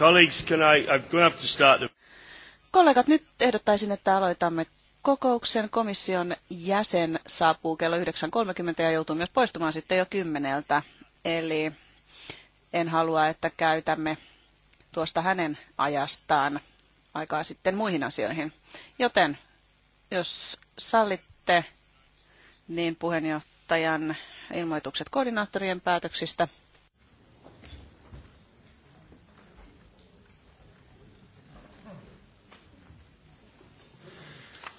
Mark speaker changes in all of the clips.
Speaker 1: Colleagues, can I, I'm going to have to start the...
Speaker 2: Kollegat, nyt ehdottaisin, että aloitamme kokouksen. Komission jäsen saapuu kello 9.30 ja joutuu myös poistumaan sitten jo kymmeneltä. Eli en halua, että käytämme tuosta hänen ajastaan aikaa sitten muihin asioihin. Joten jos sallitte, niin puheenjohtajan ilmoitukset koordinaattorien päätöksistä –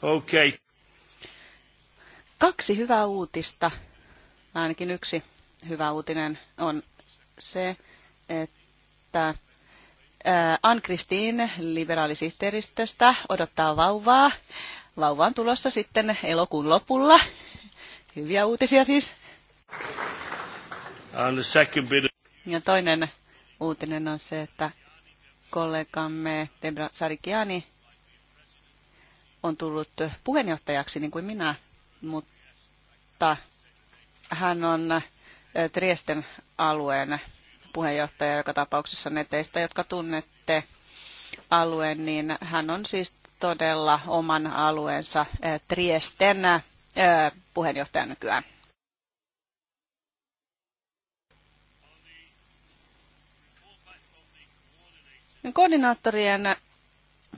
Speaker 2: Okay. Kaksi hyvää uutista, ainakin yksi hyvä uutinen on se, että Ann-Kristiin liberaalisihteeristöstä odottaa vauvaa. Vauva on tulossa sitten elokuun lopulla. Hyviä uutisia siis. Ja toinen uutinen on se, että kollegamme Debra Sarikiani on tullut puheenjohtajaksi niin kuin minä, mutta hän on Triesten äh, alueen puheenjohtaja joka tapauksessa ne teistä, jotka tunnette alueen, niin hän on siis todella oman alueensa Triesten äh, äh, puheenjohtaja nykyään. Koordinaattorien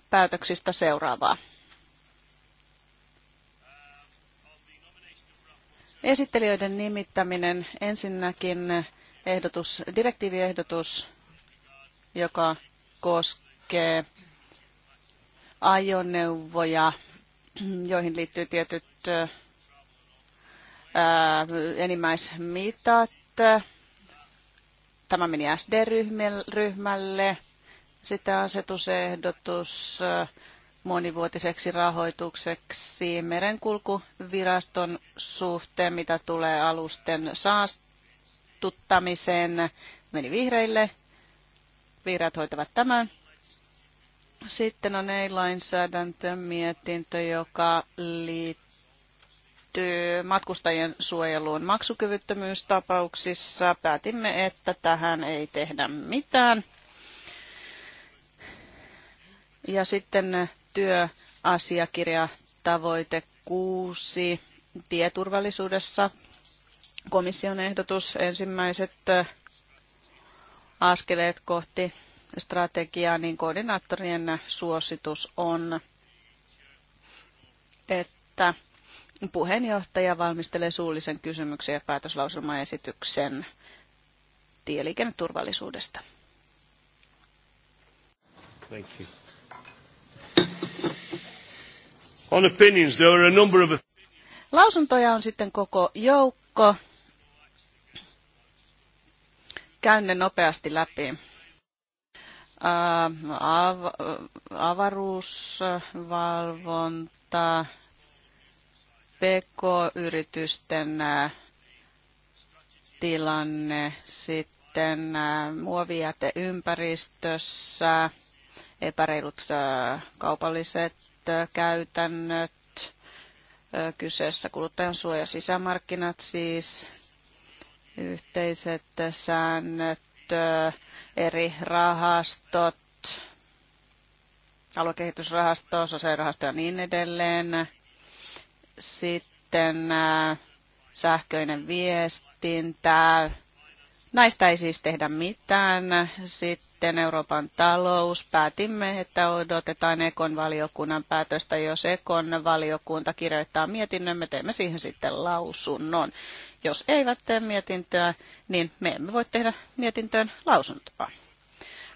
Speaker 2: päätöksistä seuraavaa. Esittelijöiden nimittäminen ensinnäkin ehdotus, direktiiviehdotus, joka koskee ajoneuvoja, joihin liittyy tietyt ää, enimmäismitat. Tämä meni SD-ryhmälle. Sitten asetusehdotus ää, monivuotiseksi rahoitukseksi merenkulkuviraston suhteen, mitä tulee alusten saastuttamiseen. Meni vihreille. Vihreät hoitavat tämän. Sitten on ei-lainsäädäntömietintö, joka liittyy matkustajien suojeluun maksukyvyttömyystapauksissa. Päätimme, että tähän ei tehdä mitään. Ja sitten työasiakirja tavoite 6 tieturvallisuudessa. Komission ehdotus ensimmäiset askeleet kohti strategiaa, niin koordinaattorien suositus on, että puheenjohtaja valmistelee suullisen kysymyksen ja päätöslauselmaesityksen tieliikenneturvallisuudesta.
Speaker 1: Thank you. On opinions, there are a number of...
Speaker 2: Lausuntoja on sitten koko joukko. Käyn ne nopeasti läpi. Äh, Av avaruusvalvonta, PK-yritysten äh, tilanne, sitten äh, muovijäte ympäristössä, epäreilut kaupalliset käytännöt kyseessä, kuluttajan suoja sisämarkkinat siis, yhteiset säännöt, eri rahastot, aluekehitysrahasto, sosiaalirahasto ja niin edelleen. Sitten sähköinen viestintä, Näistä ei siis tehdä mitään. Sitten Euroopan talous. Päätimme, että odotetaan Ekon valiokunnan päätöstä. Jos Ekon valiokunta kirjoittaa mietinnön, me teemme siihen sitten lausunnon. Jos eivät tee mietintöä, niin me emme voi tehdä mietintöön lausuntoa.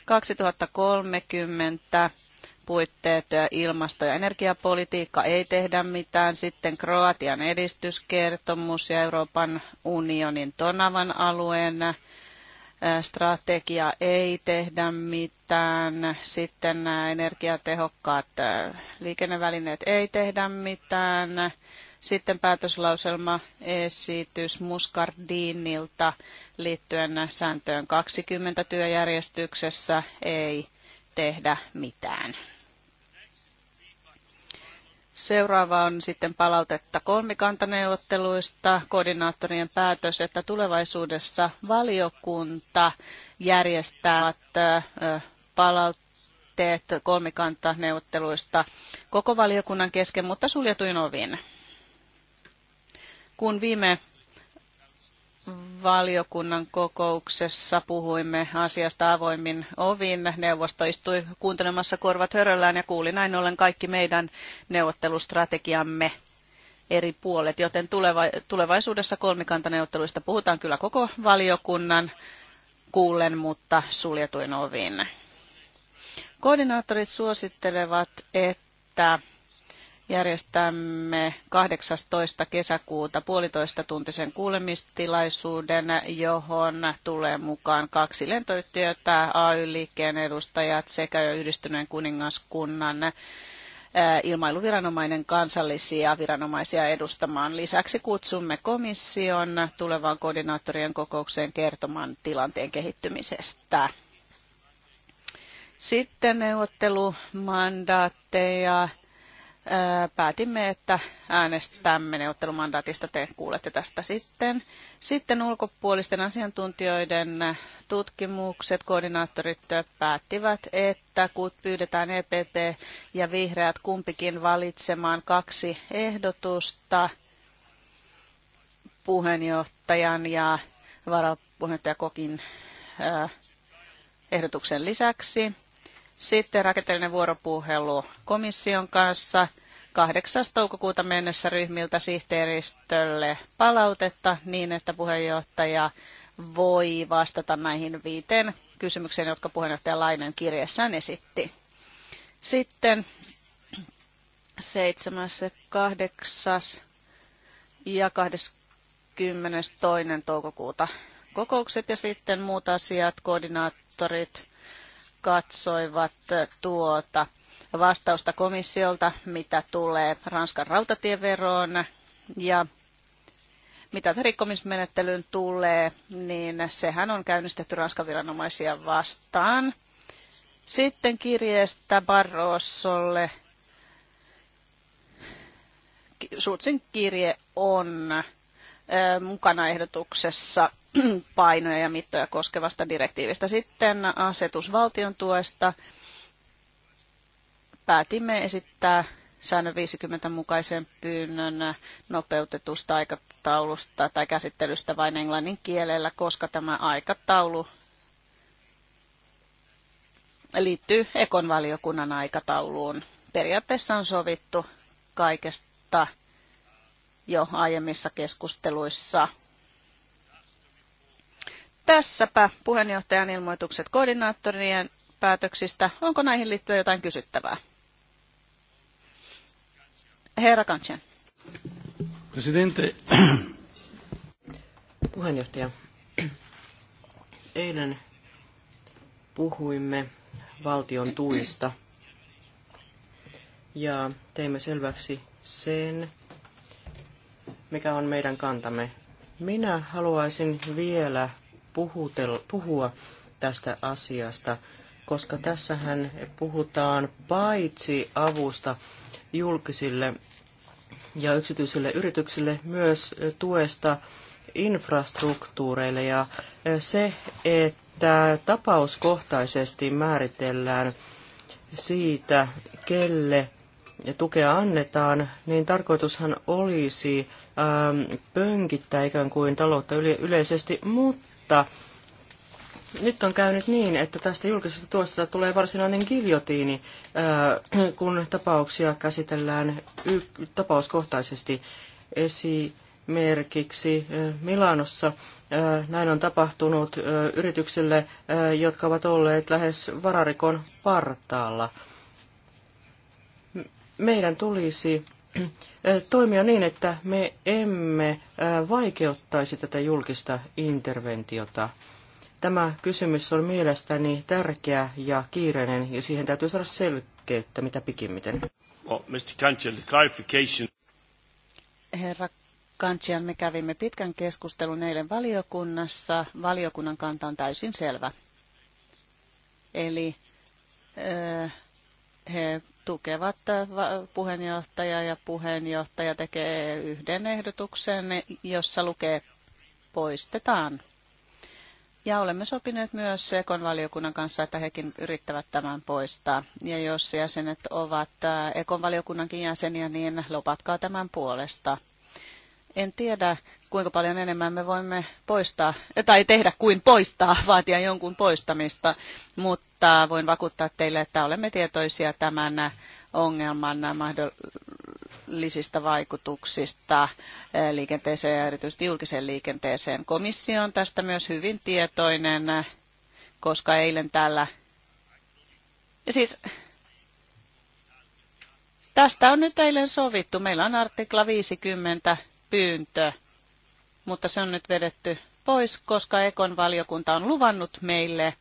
Speaker 2: 2030 puitteet eh, ilmasto- ja energiapolitiikka ei tehdä mitään. Sitten Kroatian edistyskertomus ja Euroopan unionin Tonavan alueen strategia ei tehdä mitään, sitten nämä energiatehokkaat liikennevälineet ei tehdä mitään, sitten päätöslauselma esitys Muscardinilta liittyen sääntöön 20 työjärjestyksessä ei tehdä mitään. Seuraava on sitten palautetta kolmikantaneuvotteluista, koordinaattorien päätös, että tulevaisuudessa valiokunta järjestää äh, palautteet kolmikantaneuvotteluista koko valiokunnan kesken, mutta suljetuin ovin. Kun viime valiokunnan kokouksessa puhuimme asiasta avoimin ovin. Neuvosto istui kuuntelemassa korvat höröllään ja kuuli näin ollen kaikki meidän neuvottelustrategiamme eri puolet, joten tulevaisuudessa kolmikantaneuvotteluista puhutaan kyllä koko valiokunnan kuulen, mutta suljetuin ovin. Koordinaattorit suosittelevat, että järjestämme 18. kesäkuuta puolitoista tuntisen kuulemistilaisuuden, johon tulee mukaan kaksi lentoyhtiötä, AY-liikkeen edustajat sekä jo yhdistyneen kuningaskunnan eh, ilmailuviranomainen kansallisia viranomaisia edustamaan. Lisäksi kutsumme komission tulevaan koordinaattorien kokoukseen kertomaan tilanteen kehittymisestä. Sitten neuvottelumandaatteja päätimme, että äänestämme neuvottelumandaatista. Te kuulette tästä sitten. Sitten ulkopuolisten asiantuntijoiden tutkimukset, koordinaattorit päättivät, että kun pyydetään EPP ja vihreät kumpikin valitsemaan kaksi ehdotusta puheenjohtajan ja varapuheenjohtajakokin ehdotuksen lisäksi. Sitten rakenteellinen vuoropuhelu komission kanssa. 8. toukokuuta mennessä ryhmiltä sihteeristölle palautetta niin, että puheenjohtaja voi vastata näihin viiteen kysymykseen, jotka puheenjohtaja Lainen kirjassaan esitti. Sitten 7. 8. ja 22. toukokuuta kokoukset ja sitten muut asiat, koordinaattorit katsoivat eh, tuota vastausta komissiolta, mitä tulee Ranskan rautatieveroon ja mitä rikkomismenettelyyn tulee, niin sehän on käynnistetty Ranskan viranomaisia vastaan. Sitten kirjeestä Barrosolle. suutsin kirje on eh, mukana ehdotuksessa painoja ja mittoja koskevasta direktiivistä. Sitten asetus valtion tuesta. Päätimme esittää säännön 50 mukaisen pyynnön nopeutetusta aikataulusta tai käsittelystä vain englannin kielellä, koska tämä aikataulu liittyy Ekon valiokunnan aikatauluun. Periaatteessa on sovittu kaikesta jo aiemmissa keskusteluissa Tässäpä puheenjohtajan ilmoitukset koordinaattorien päätöksistä. Onko näihin liittyen jotain kysyttävää? Herra Kansian.
Speaker 1: Presidente. Puheenjohtaja. Eilen puhuimme valtion tuista ja teimme selväksi sen, mikä on meidän kantamme. Minä haluaisin vielä puhua tästä asiasta, koska tässähän puhutaan paitsi avusta julkisille ja yksityisille yrityksille myös tuesta infrastruktuureille ja e, se, että tapauskohtaisesti määritellään siitä, kelle tukea annetaan, niin tarkoitushan olisi ähm, pönkittää ikään kuin taloutta yleisesti, mutta mutta nyt on käynyt niin, että tästä julkisesta tuosta tulee varsinainen giljotiini, äh, kun tapauksia käsitellään tapauskohtaisesti esimerkiksi äh, Milanossa. Äh, näin on tapahtunut yrityksille, jotka ovat olleet lähes vararikon partaalla. Meidän tulisi toimia niin, että me emme äh, vaikeuttaisi tätä julkista interventiota. Tämä kysymys on mielestäni tärkeä ja kiireinen, ja siihen täytyy saada selkeyttä mitä pikimmiten. Well, Mr. Kanchel, clarification. Herra
Speaker 2: Kanchian, me kävimme pitkän keskustelun eilen valiokunnassa. Valiokunnan kanta on täysin selvä. Eli he tukevat äh, puheenjohtaja ja puheenjohtaja tekee yhden ehdotuksen, jossa lukee poistetaan. Ja olemme sopineet myös Ekon valiokunnan kanssa, että hekin yrittävät tämän poistaa. Ja jos jäsenet ovat äh, Ekon valiokunnankin jäseniä, niin lopatkaa tämän puolesta. En tiedä, kuinka paljon enemmän me voimme poistaa, tai tehdä kuin poistaa, vaatia jonkun poistamista, mutta voin vakuuttaa teille, että olemme tietoisia tämän ongelman mahdollisista vaikutuksista liikenteeseen ja erityisesti julkiseen liikenteeseen. Komissio on tästä myös hyvin tietoinen, koska eilen täällä... Ja siis tästä on nyt eilen sovittu. Meillä on artikla 50 pyyntö mutta se on nyt vedetty pois, koska Ekon valiokunta on luvannut meille.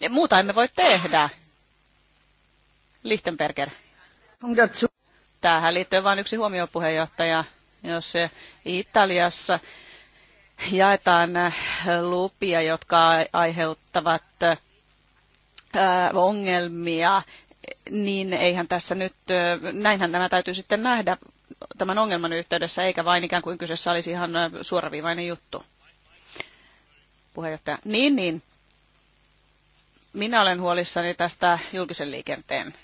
Speaker 2: Ja muuta emme voi tehdä. Lichtenberger. Tähän liittyy vain yksi huomio puheenjohtaja. Jos Italiassa jaetaan äh, lupia, jotka aiheuttavat äh, ongelmia, niin eihän tässä nyt, äh, näinhän nämä täytyy sitten nähdä tämän ongelman yhteydessä, eikä vain ikään kuin kyseessä olisi ihan suoraviivainen juttu. Puheenjohtaja. Niin, niin. Minä olen huolissani tästä julkisen liikenteen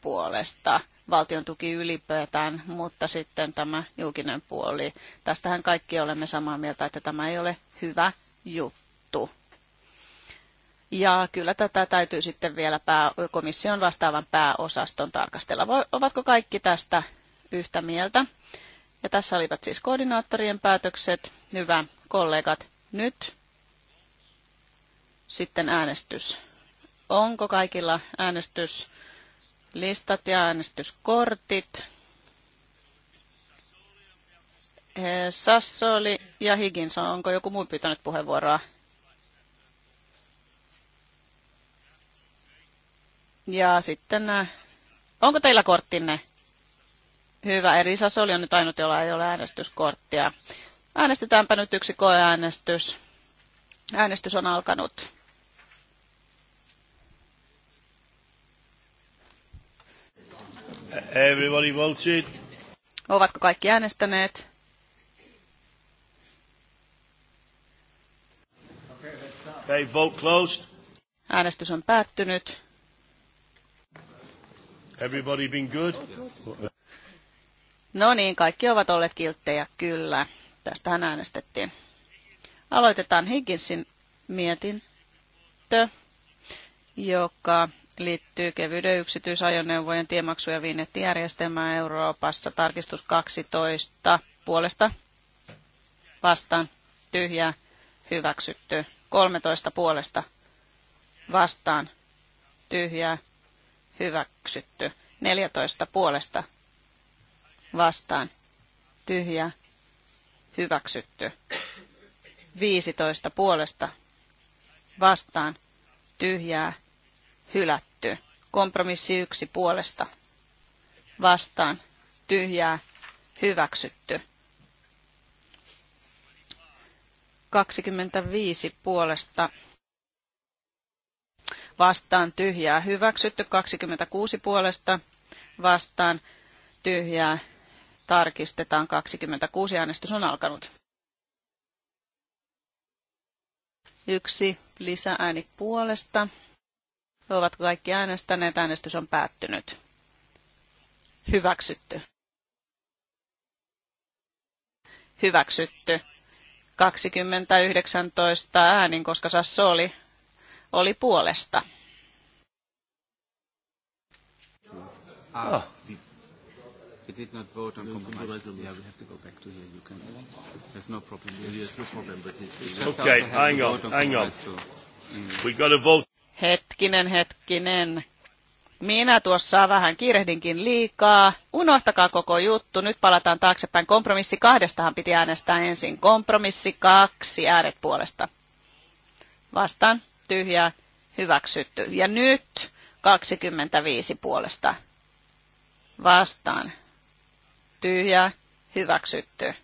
Speaker 2: puolesta, valtion tuki ylipäätään, mutta sitten tämä julkinen puoli. Tästähän kaikki olemme samaa mieltä, että tämä ei ole hyvä juttu. Ja kyllä tätä täytyy sitten vielä pää, komission vastaavan pääosaston tarkastella. Voi, ovatko kaikki tästä yhtä mieltä. Ja tässä olivat siis koordinaattorien päätökset. Hyvä, kollegat, nyt sitten äänestys. Onko kaikilla äänestyslistat ja äänestyskortit? Sassoli ja Higgins, onko joku muu pyytänyt puheenvuoroa? Ja sitten, äh, onko teillä korttinne? Hyvä, eri se on nyt ainut, jolla ei ole äänestyskorttia. Äänestetäänpä nyt yksi koeäänestys. Äänestys on alkanut.
Speaker 1: Everybody voted.
Speaker 2: Ovatko kaikki äänestäneet?
Speaker 1: Okay, vote closed.
Speaker 2: Äänestys on päättynyt.
Speaker 1: Everybody been good?
Speaker 2: No niin, kaikki ovat olleet kilttejä, kyllä. Tästähän äänestettiin. Aloitetaan Higginsin mietintö, joka liittyy kevyyden yksityisajoneuvojen tiemaksu- ja vinnettijärjestelmään Euroopassa. Tarkistus 12 puolesta vastaan tyhjää hyväksytty. 13 puolesta vastaan tyhjää hyväksytty. 14 puolesta vastaan tyhjää hyväksytty. 15 puolesta vastaan tyhjää hylätty. Kompromissi yksi puolesta vastaan tyhjää hyväksytty. 25 puolesta vastaan tyhjää hyväksytty, 26 puolesta vastaan tyhjää tarkistetaan 26. Äänestys on alkanut. Yksi lisääni puolesta. Ovatko kaikki äänestäneet? Äänestys on päättynyt. Hyväksytty. Hyväksytty. 2019 äänin, koska Sasso oli, oli puolesta.
Speaker 1: Ah. We did not vote on no compromise. yeah, we have to go back to here. You can. There's no problem. There's no problem, but it's. okay, hang on, hang on. Mm. We got to vote.
Speaker 2: Hetkinen, hetkinen. Minä tuossa vähän kiirehdinkin liikaa. Unohtakaa koko juttu. Nyt palataan taaksepäin. Kompromissi kahdestahan piti äänestää ensin. Kompromissi kaksi äänet puolesta. Vastaan. Tyhjää. Hyväksytty. Ja nyt 25 puolesta. Vastaan tyhjä, hyväksytty.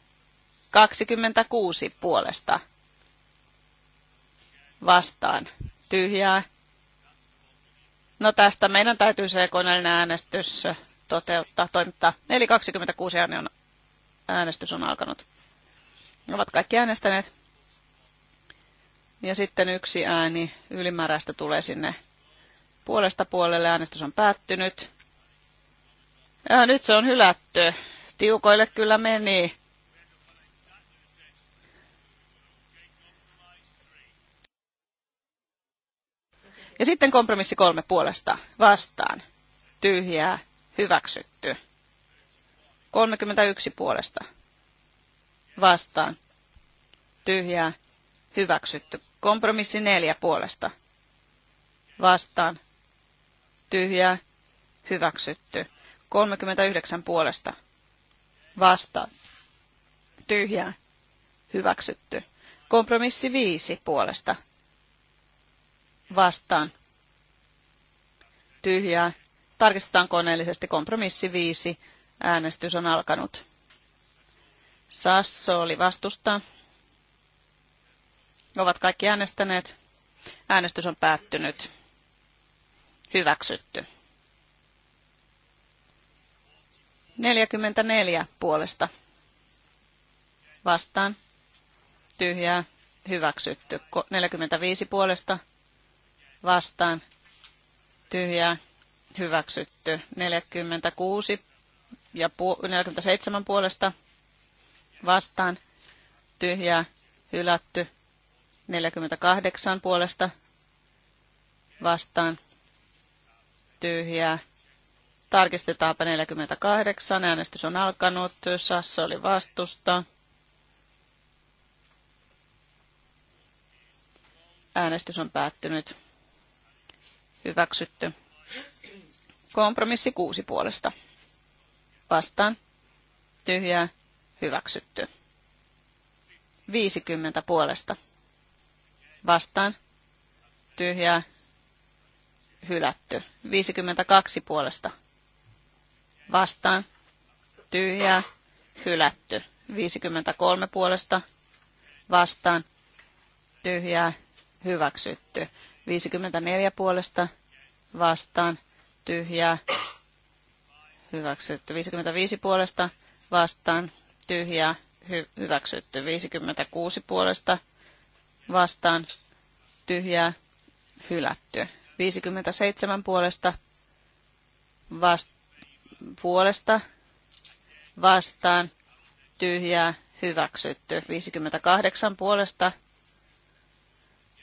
Speaker 2: 26 puolesta vastaan, tyhjää. No tästä meidän täytyy se koneellinen äänestys toteuttaa, toimittaa. Eli 26 ääni on, äänestys on alkanut. Ne ovat kaikki äänestäneet. Ja sitten yksi ääni ylimääräistä tulee sinne puolesta puolelle. Äänestys on päättynyt. Ja nyt se on hylätty tiukoille kyllä meni. Ja sitten kompromissi kolme puolesta vastaan. Tyhjää, hyväksytty. 31 puolesta vastaan. Tyhjää, hyväksytty. Kompromissi neljä puolesta vastaan. Tyhjää, hyväksytty. 39 puolesta vasta Tyhjää. Hyväksytty. Kompromissi viisi puolesta. Vastaan. Tyhjää. Tarkistetaan koneellisesti kompromissi viisi. Äänestys on alkanut. Sasso oli vastusta. Ovat kaikki äänestäneet. Äänestys on päättynyt. Hyväksytty. 44 puolesta vastaan. Tyhjää hyväksytty. 45 puolesta vastaan. Tyhjää hyväksytty. 46 ja 47 puolesta vastaan. Tyhjää hylätty. 48 puolesta vastaan. Tyhjää Tarkistetaanpa 48. Äänestys on alkanut. Sassa oli vastusta. Äänestys on päättynyt. Hyväksytty. Kompromissi kuusi puolesta. Vastaan. Tyhjää. Hyväksytty. 50 puolesta. Vastaan. Tyhjää. Hylätty. 52 puolesta vastaan tyhjää hylätty. 53 puolesta vastaan tyhjää hyväksytty. 54 puolesta vastaan tyhjää hyväksytty. 55 puolesta vastaan tyhjää hy- hyväksytty. 56 puolesta vastaan tyhjää hylätty. 57 puolesta vastaan puolesta vastaan tyhjää hyväksytty. 58 puolesta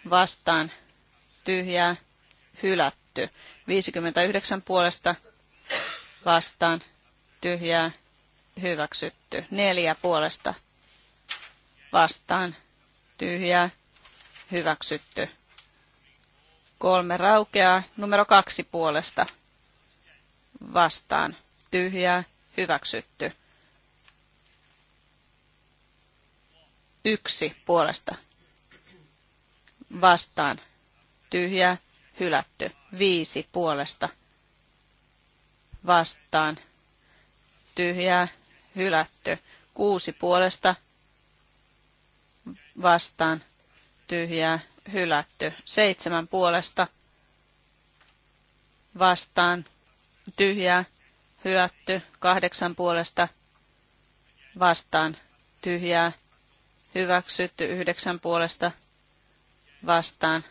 Speaker 2: vastaan tyhjää hylätty. 59 puolesta vastaan tyhjää hyväksytty. 4 puolesta vastaan tyhjää hyväksytty. Kolme raukeaa numero kaksi puolesta vastaan tyhjää, hyväksytty. Yksi puolesta. Vastaan. Tyhjää, hylätty. Viisi puolesta. Vastaan. Tyhjää, hylätty. Kuusi puolesta. Vastaan. Tyhjää, hylätty. Seitsemän puolesta. Vastaan. Tyhjää, hylätty, kahdeksan puolesta vastaan tyhjää, hyväksytty, yhdeksän puolesta vastaan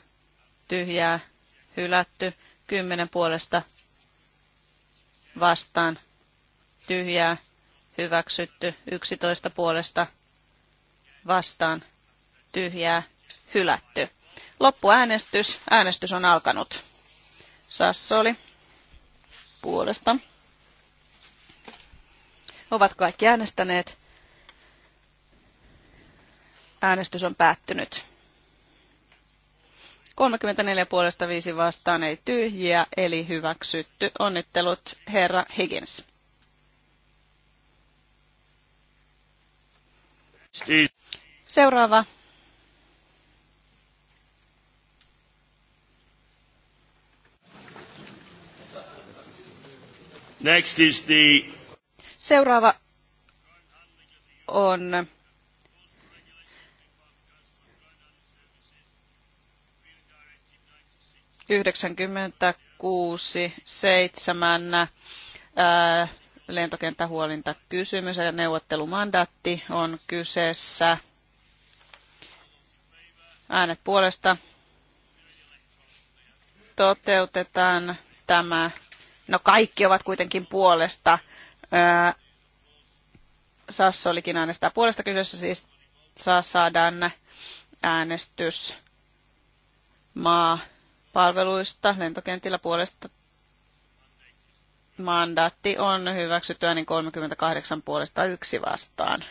Speaker 2: tyhjää, hylätty, kymmenen puolesta vastaan tyhjää, hyväksytty, yksitoista puolesta vastaan tyhjää, hylätty. Loppuäänestys. Äänestys on alkanut. Sassoli puolesta ovat kaikki äänestäneet. Äänestys on päättynyt. 34 puolesta 5 vastaan ei tyhjiä, eli hyväksytty. Onnittelut herra Higgins. Seuraava. Next is the Seuraava on yhdeksänkymmentäkuusi seitsemän lentokenttähuolintakysymys ja neuvottelumandaatti on kyseessä. Äänet puolesta toteutetaan tämä. No kaikki ovat kuitenkin puolesta olikin äänestää puolesta kyseessä, siis saa saadaan äänestys maa palveluista lentokentillä puolesta mandaatti on hyväksytty niin 38 puolesta yksi vastaan.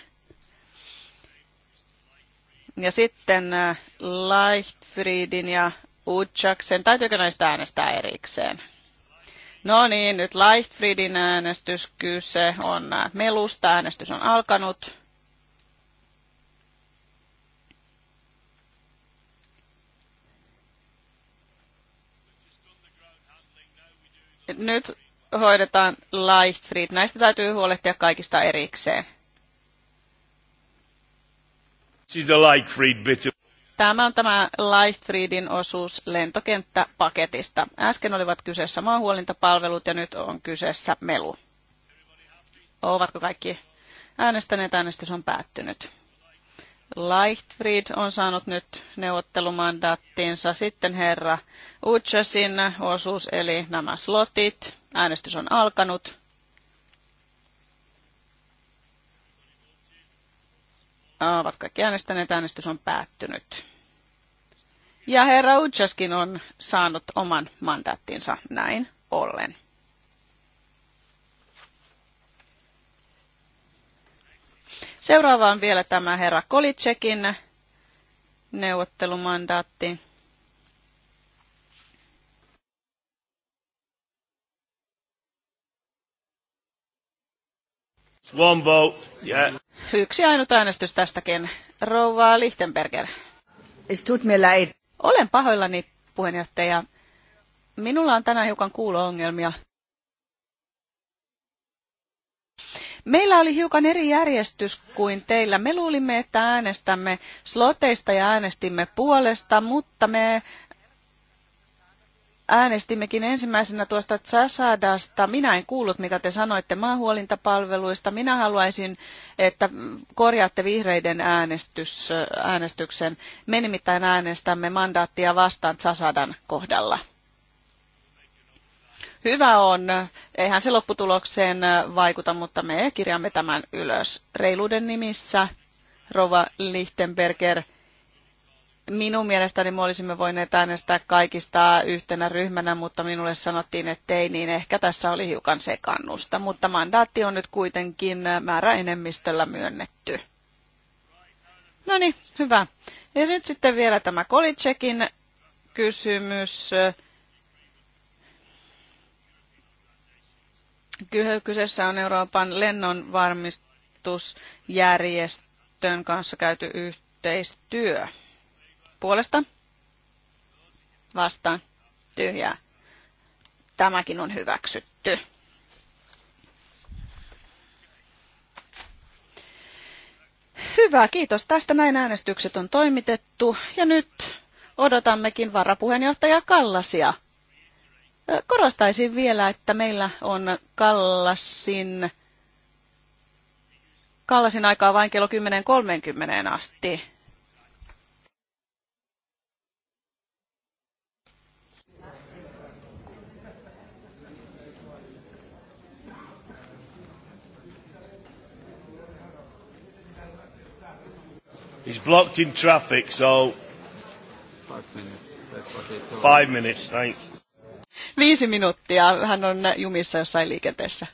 Speaker 2: Ja sitten Leichtfriedin ja Utschaksen, täytyykö näistä äänestää erikseen? No niin, nyt Leichtfriedin äänestys kyse on äh, melusta. Äänestys on alkanut. Nyt hoidetaan Leichtfried. Näistä täytyy huolehtia kaikista erikseen.
Speaker 1: Siis the Leichtfried bit.
Speaker 2: Tämä on tämä Lightfriedin osuus lentokenttäpaketista. Äsken olivat kyseessä maahuolintapalvelut ja nyt on kyseessä melu. Ovatko kaikki äänestäneet? Äänestys on päättynyt. Lightfried on saanut nyt neuvottelumandaattinsa. Sitten herra Utsasin osuus, eli nämä slotit. Äänestys on alkanut. Ovat kaikki äänestäneet, äänestys on päättynyt. Ja herra Utsaskin on saanut oman mandaattinsa näin ollen. Seuraava on vielä tämä herra Kolitsekin neuvottelumandaatti.
Speaker 1: One vote. Yeah.
Speaker 2: Yksi ainut äänestys tästäkin. Rouva Lichtenberger. Es tut mir leid. Olen pahoillani, puheenjohtaja. Minulla on tänään hiukan kuulo-ongelmia. Meillä oli hiukan eri järjestys kuin teillä. Me luulimme, että äänestämme sloteista ja äänestimme puolesta, mutta me Äänestimmekin ensimmäisenä tuosta Tsasadasta. Minä en kuullut, mitä te sanoitte maahuolintapalveluista. Minä haluaisin, että korjaatte vihreiden äänestys, äänestyksen. Me nimittäin äänestämme mandaattia vastaan Tsasadan kohdalla hyvä on. Eihän se lopputulokseen vaikuta, mutta me kirjaamme tämän ylös. Reiluuden nimissä, Rova Lichtenberger, Minun mielestäni me olisimme voineet äänestää kaikista yhtenä ryhmänä, mutta minulle sanottiin, että ei, niin ehkä tässä oli hiukan sekannusta. Mutta mandaatti on nyt kuitenkin määräenemmistöllä myönnetty. No niin, hyvä. Ja nyt sitten vielä tämä Kolitsekin kysymys. Kyseessä on Euroopan lennonvarmistusjärjestön kanssa käyty yhteistyö puolesta vastaan tyhjää. Tämäkin on hyväksytty. Hyvä, kiitos. Tästä näin äänestykset on toimitettu ja nyt odotammekin varapuheenjohtaja Kallasia. Korostaisin vielä, että meillä on Kallasin, Kallasin aikaa vain kello 10.30 asti
Speaker 1: He's blocked in traffic, so... Five minutes, Five minutes thanks.
Speaker 2: Viisi minuuttia. Hän on jumissa jossain liikenteessä.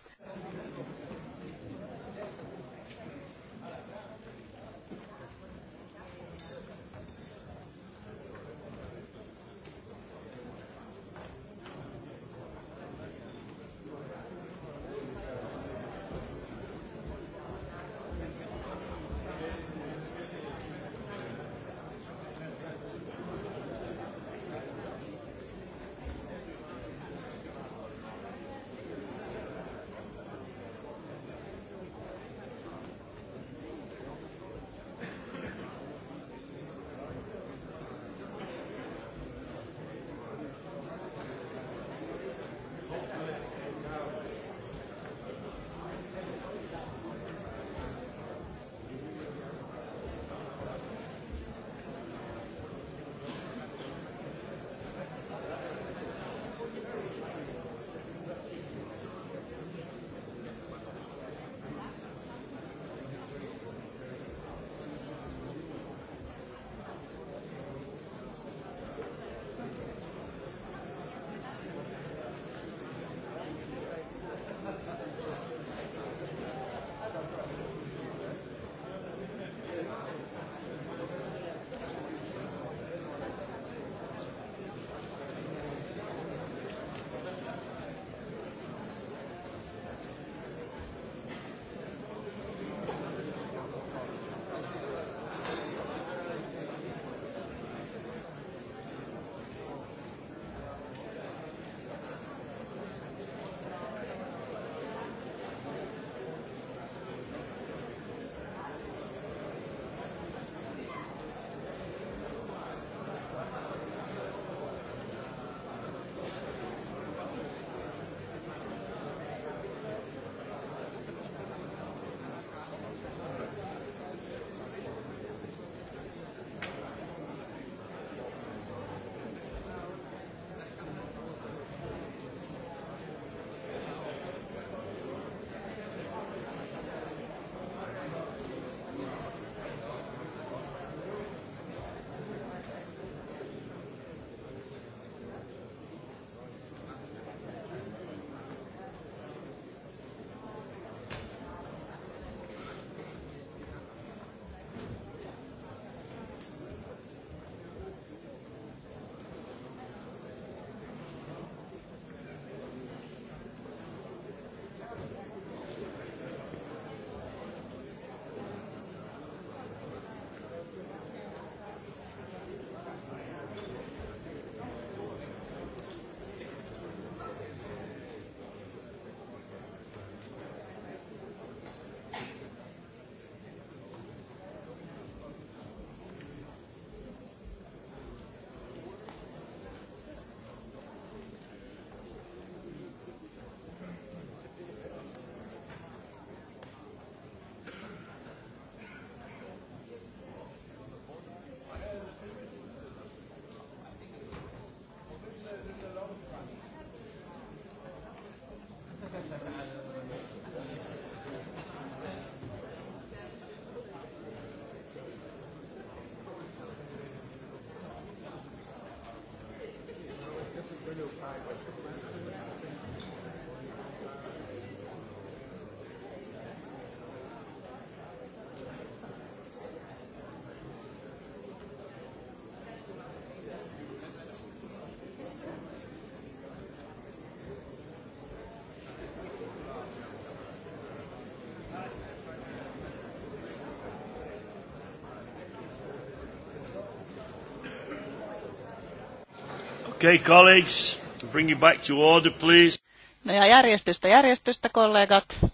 Speaker 1: Okay, colleagues, bring you back to order, please.
Speaker 2: No ja järjestystä, järjestystä, kollegat.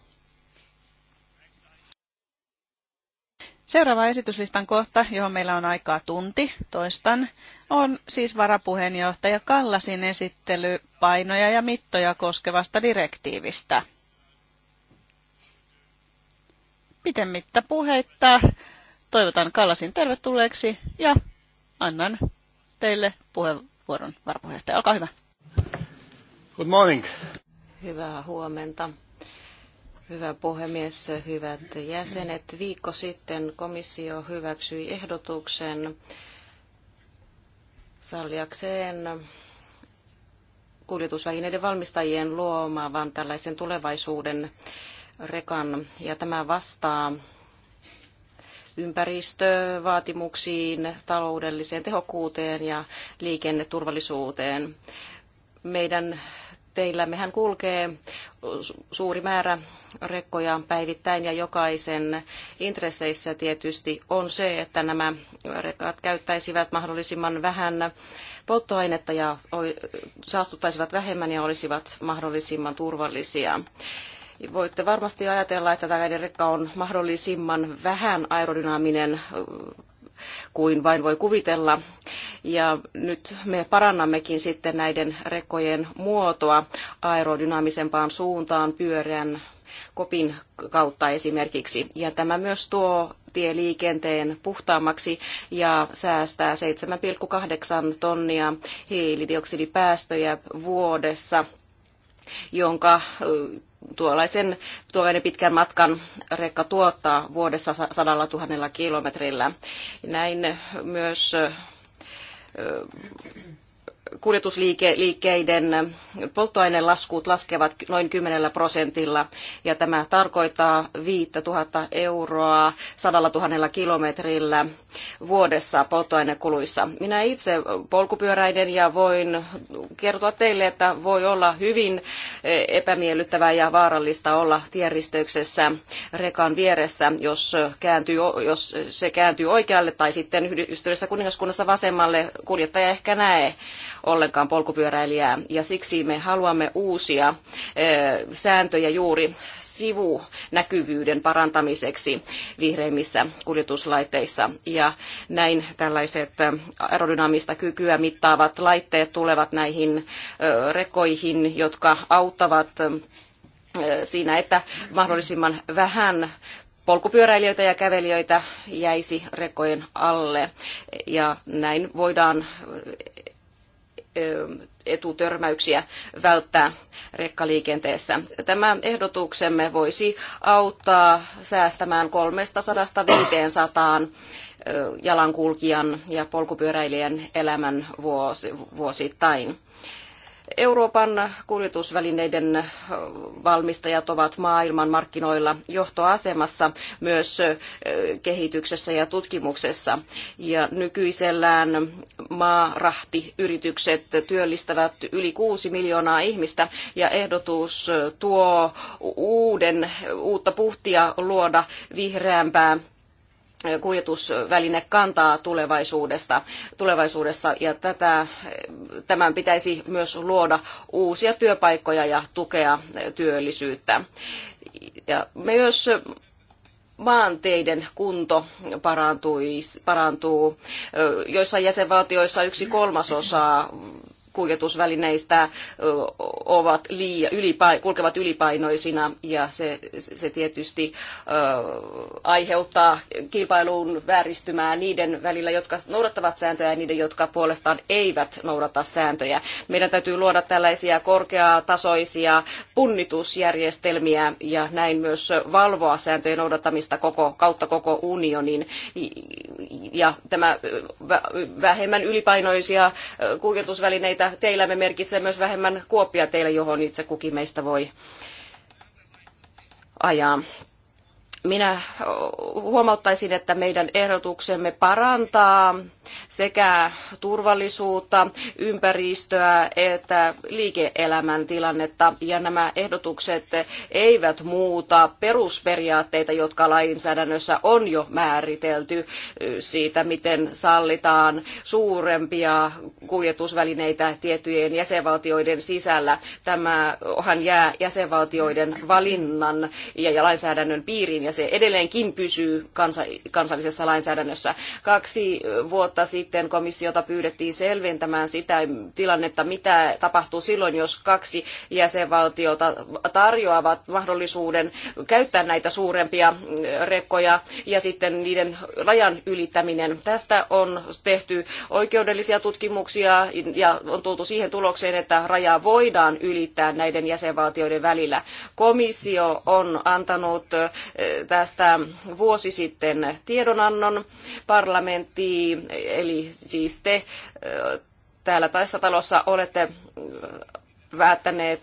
Speaker 2: Seuraava esityslistan kohta, johon meillä on aikaa tunti, toistan, on siis varapuheenjohtaja Kallasin esittely painoja ja mittoja koskevasta direktiivistä. mitta puheittaa, toivotan Kallasin tervetulleeksi ja annan teille puheenvuoron vuoron varapuheenjohtaja. Olkaa hyvä.
Speaker 1: Good morning.
Speaker 3: Hyvää huomenta. Hyvä puhemies, hyvät jäsenet. Viikko sitten komissio hyväksyi ehdotuksen salliakseen kuljetusvälineiden valmistajien luomaan tällaisen tulevaisuuden rekan. Ja tämä vastaa ympäristövaatimuksiin, taloudelliseen tehokkuuteen ja liikenneturvallisuuteen. Meidän teillämmehän kulkee suuri määrä rekkoja päivittäin ja jokaisen intresseissä tietysti on se, että nämä rekat käyttäisivät mahdollisimman vähän polttoainetta ja saastuttaisivat vähemmän ja olisivat mahdollisimman turvallisia. Voitte varmasti ajatella, että tämä rekka on mahdollisimman vähän aerodynaaminen äh, kuin vain voi kuvitella. Ja nyt me parannammekin sitten näiden rekkojen muotoa aerodynaamisempaan suuntaan pyöreän kopin kautta esimerkiksi. Ja tämä myös tuo tieliikenteen puhtaammaksi ja säästää 7,8 tonnia hiilidioksidipäästöjä vuodessa jonka äh, tuollaisen tuollainen pitkän matkan rekka tuottaa vuodessa sadalla tuhannella kilometrillä. Näin myös kuljetusliikkeiden polttoainelaskut laskevat noin 10 prosentilla ja tämä tarkoittaa 5000 euroa 100 000 kilometrillä vuodessa polttoainekuluissa. Minä itse polkupyöräiden ja voin kertoa teille, että voi olla hyvin epämiellyttävää ja vaarallista olla tienristeyksessä rekan vieressä, jos, kääntyy, jos se kääntyy oikealle tai sitten yhdistyneessä kuningaskunnassa vasemmalle kuljettaja ehkä näe ollenkaan polkupyöräilijää. Ja siksi me haluamme uusia eh, sääntöjä juuri sivunäkyvyyden parantamiseksi vihreimmissä kuljetuslaitteissa. Ja näin tällaiset eh, aerodynaamista kykyä mittaavat laitteet tulevat näihin eh, rekoihin, jotka auttavat siinä, että mahdollisimman vähän polkupyöräilijöitä ja kävelijöitä jäisi rekojen alle. Ja näin voidaan etutörmäyksiä välttää rekkaliikenteessä. Tämä ehdotuksemme voisi auttaa säästämään 300-500 jalankulkijan ja polkupyöräilijän elämän vuosittain. Euroopan kuljetusvälineiden valmistajat ovat maailman markkinoilla johtoasemassa myös kehityksessä ja tutkimuksessa. Ja nykyisellään maarahtiyritykset työllistävät yli kuusi miljoonaa ihmistä ja ehdotus tuo uuden, uutta puhtia luoda vihreämpää kuljetusväline kantaa tulevaisuudessa ja tätä tämän pitäisi myös luoda uusia työpaikkoja ja tukea työllisyyttä. Ja myös maanteiden kunto parantuu. Joissain jäsenvaltioissa yksi kolmasosa kuljetusvälineistä ovat liia, ylipa, kulkevat ylipainoisina ja se, se tietysti aiheuttaa kilpailun vääristymää niiden välillä, jotka noudattavat sääntöjä ja niiden, jotka puolestaan eivät noudata sääntöjä. Meidän täytyy luoda tällaisia korkeatasoisia punnitusjärjestelmiä ja näin myös valvoa sääntöjen noudattamista koko, kautta koko unionin. Ja tämä vähemmän ylipainoisia kuljetusvälineitä Teillä teillämme merkitsee myös vähemmän kuoppia teille, johon itse kukin meistä voi ajaa. Minä huomauttaisin, että meidän ehdotuksemme parantaa sekä turvallisuutta, ympäristöä että liike-elämän tilannetta. Ja nämä ehdotukset eivät muuta perusperiaatteita, jotka lainsäädännössä on jo määritelty siitä, miten sallitaan suurempia kuljetusvälineitä tiettyjen jäsenvaltioiden sisällä. Tämähän jää jäsenvaltioiden valinnan ja lainsäädännön piiriin ja se edelleenkin pysyy kansallisessa lainsäädännössä. Kaksi vuotta vuotta sitten komissiota pyydettiin selventämään sitä tilannetta, mitä tapahtuu silloin, jos kaksi jäsenvaltiota tarjoavat mahdollisuuden käyttää näitä suurempia mm, rekkoja ja sitten niiden rajan ylittäminen. Tästä on tehty oikeudellisia tutkimuksia ja on tultu siihen tulokseen, että raja voidaan ylittää näiden jäsenvaltioiden välillä. Komissio on antanut eh, tästä vuosi sitten tiedonannon parlamenttiin. Eli siis te täällä tässä talossa olette päättäneet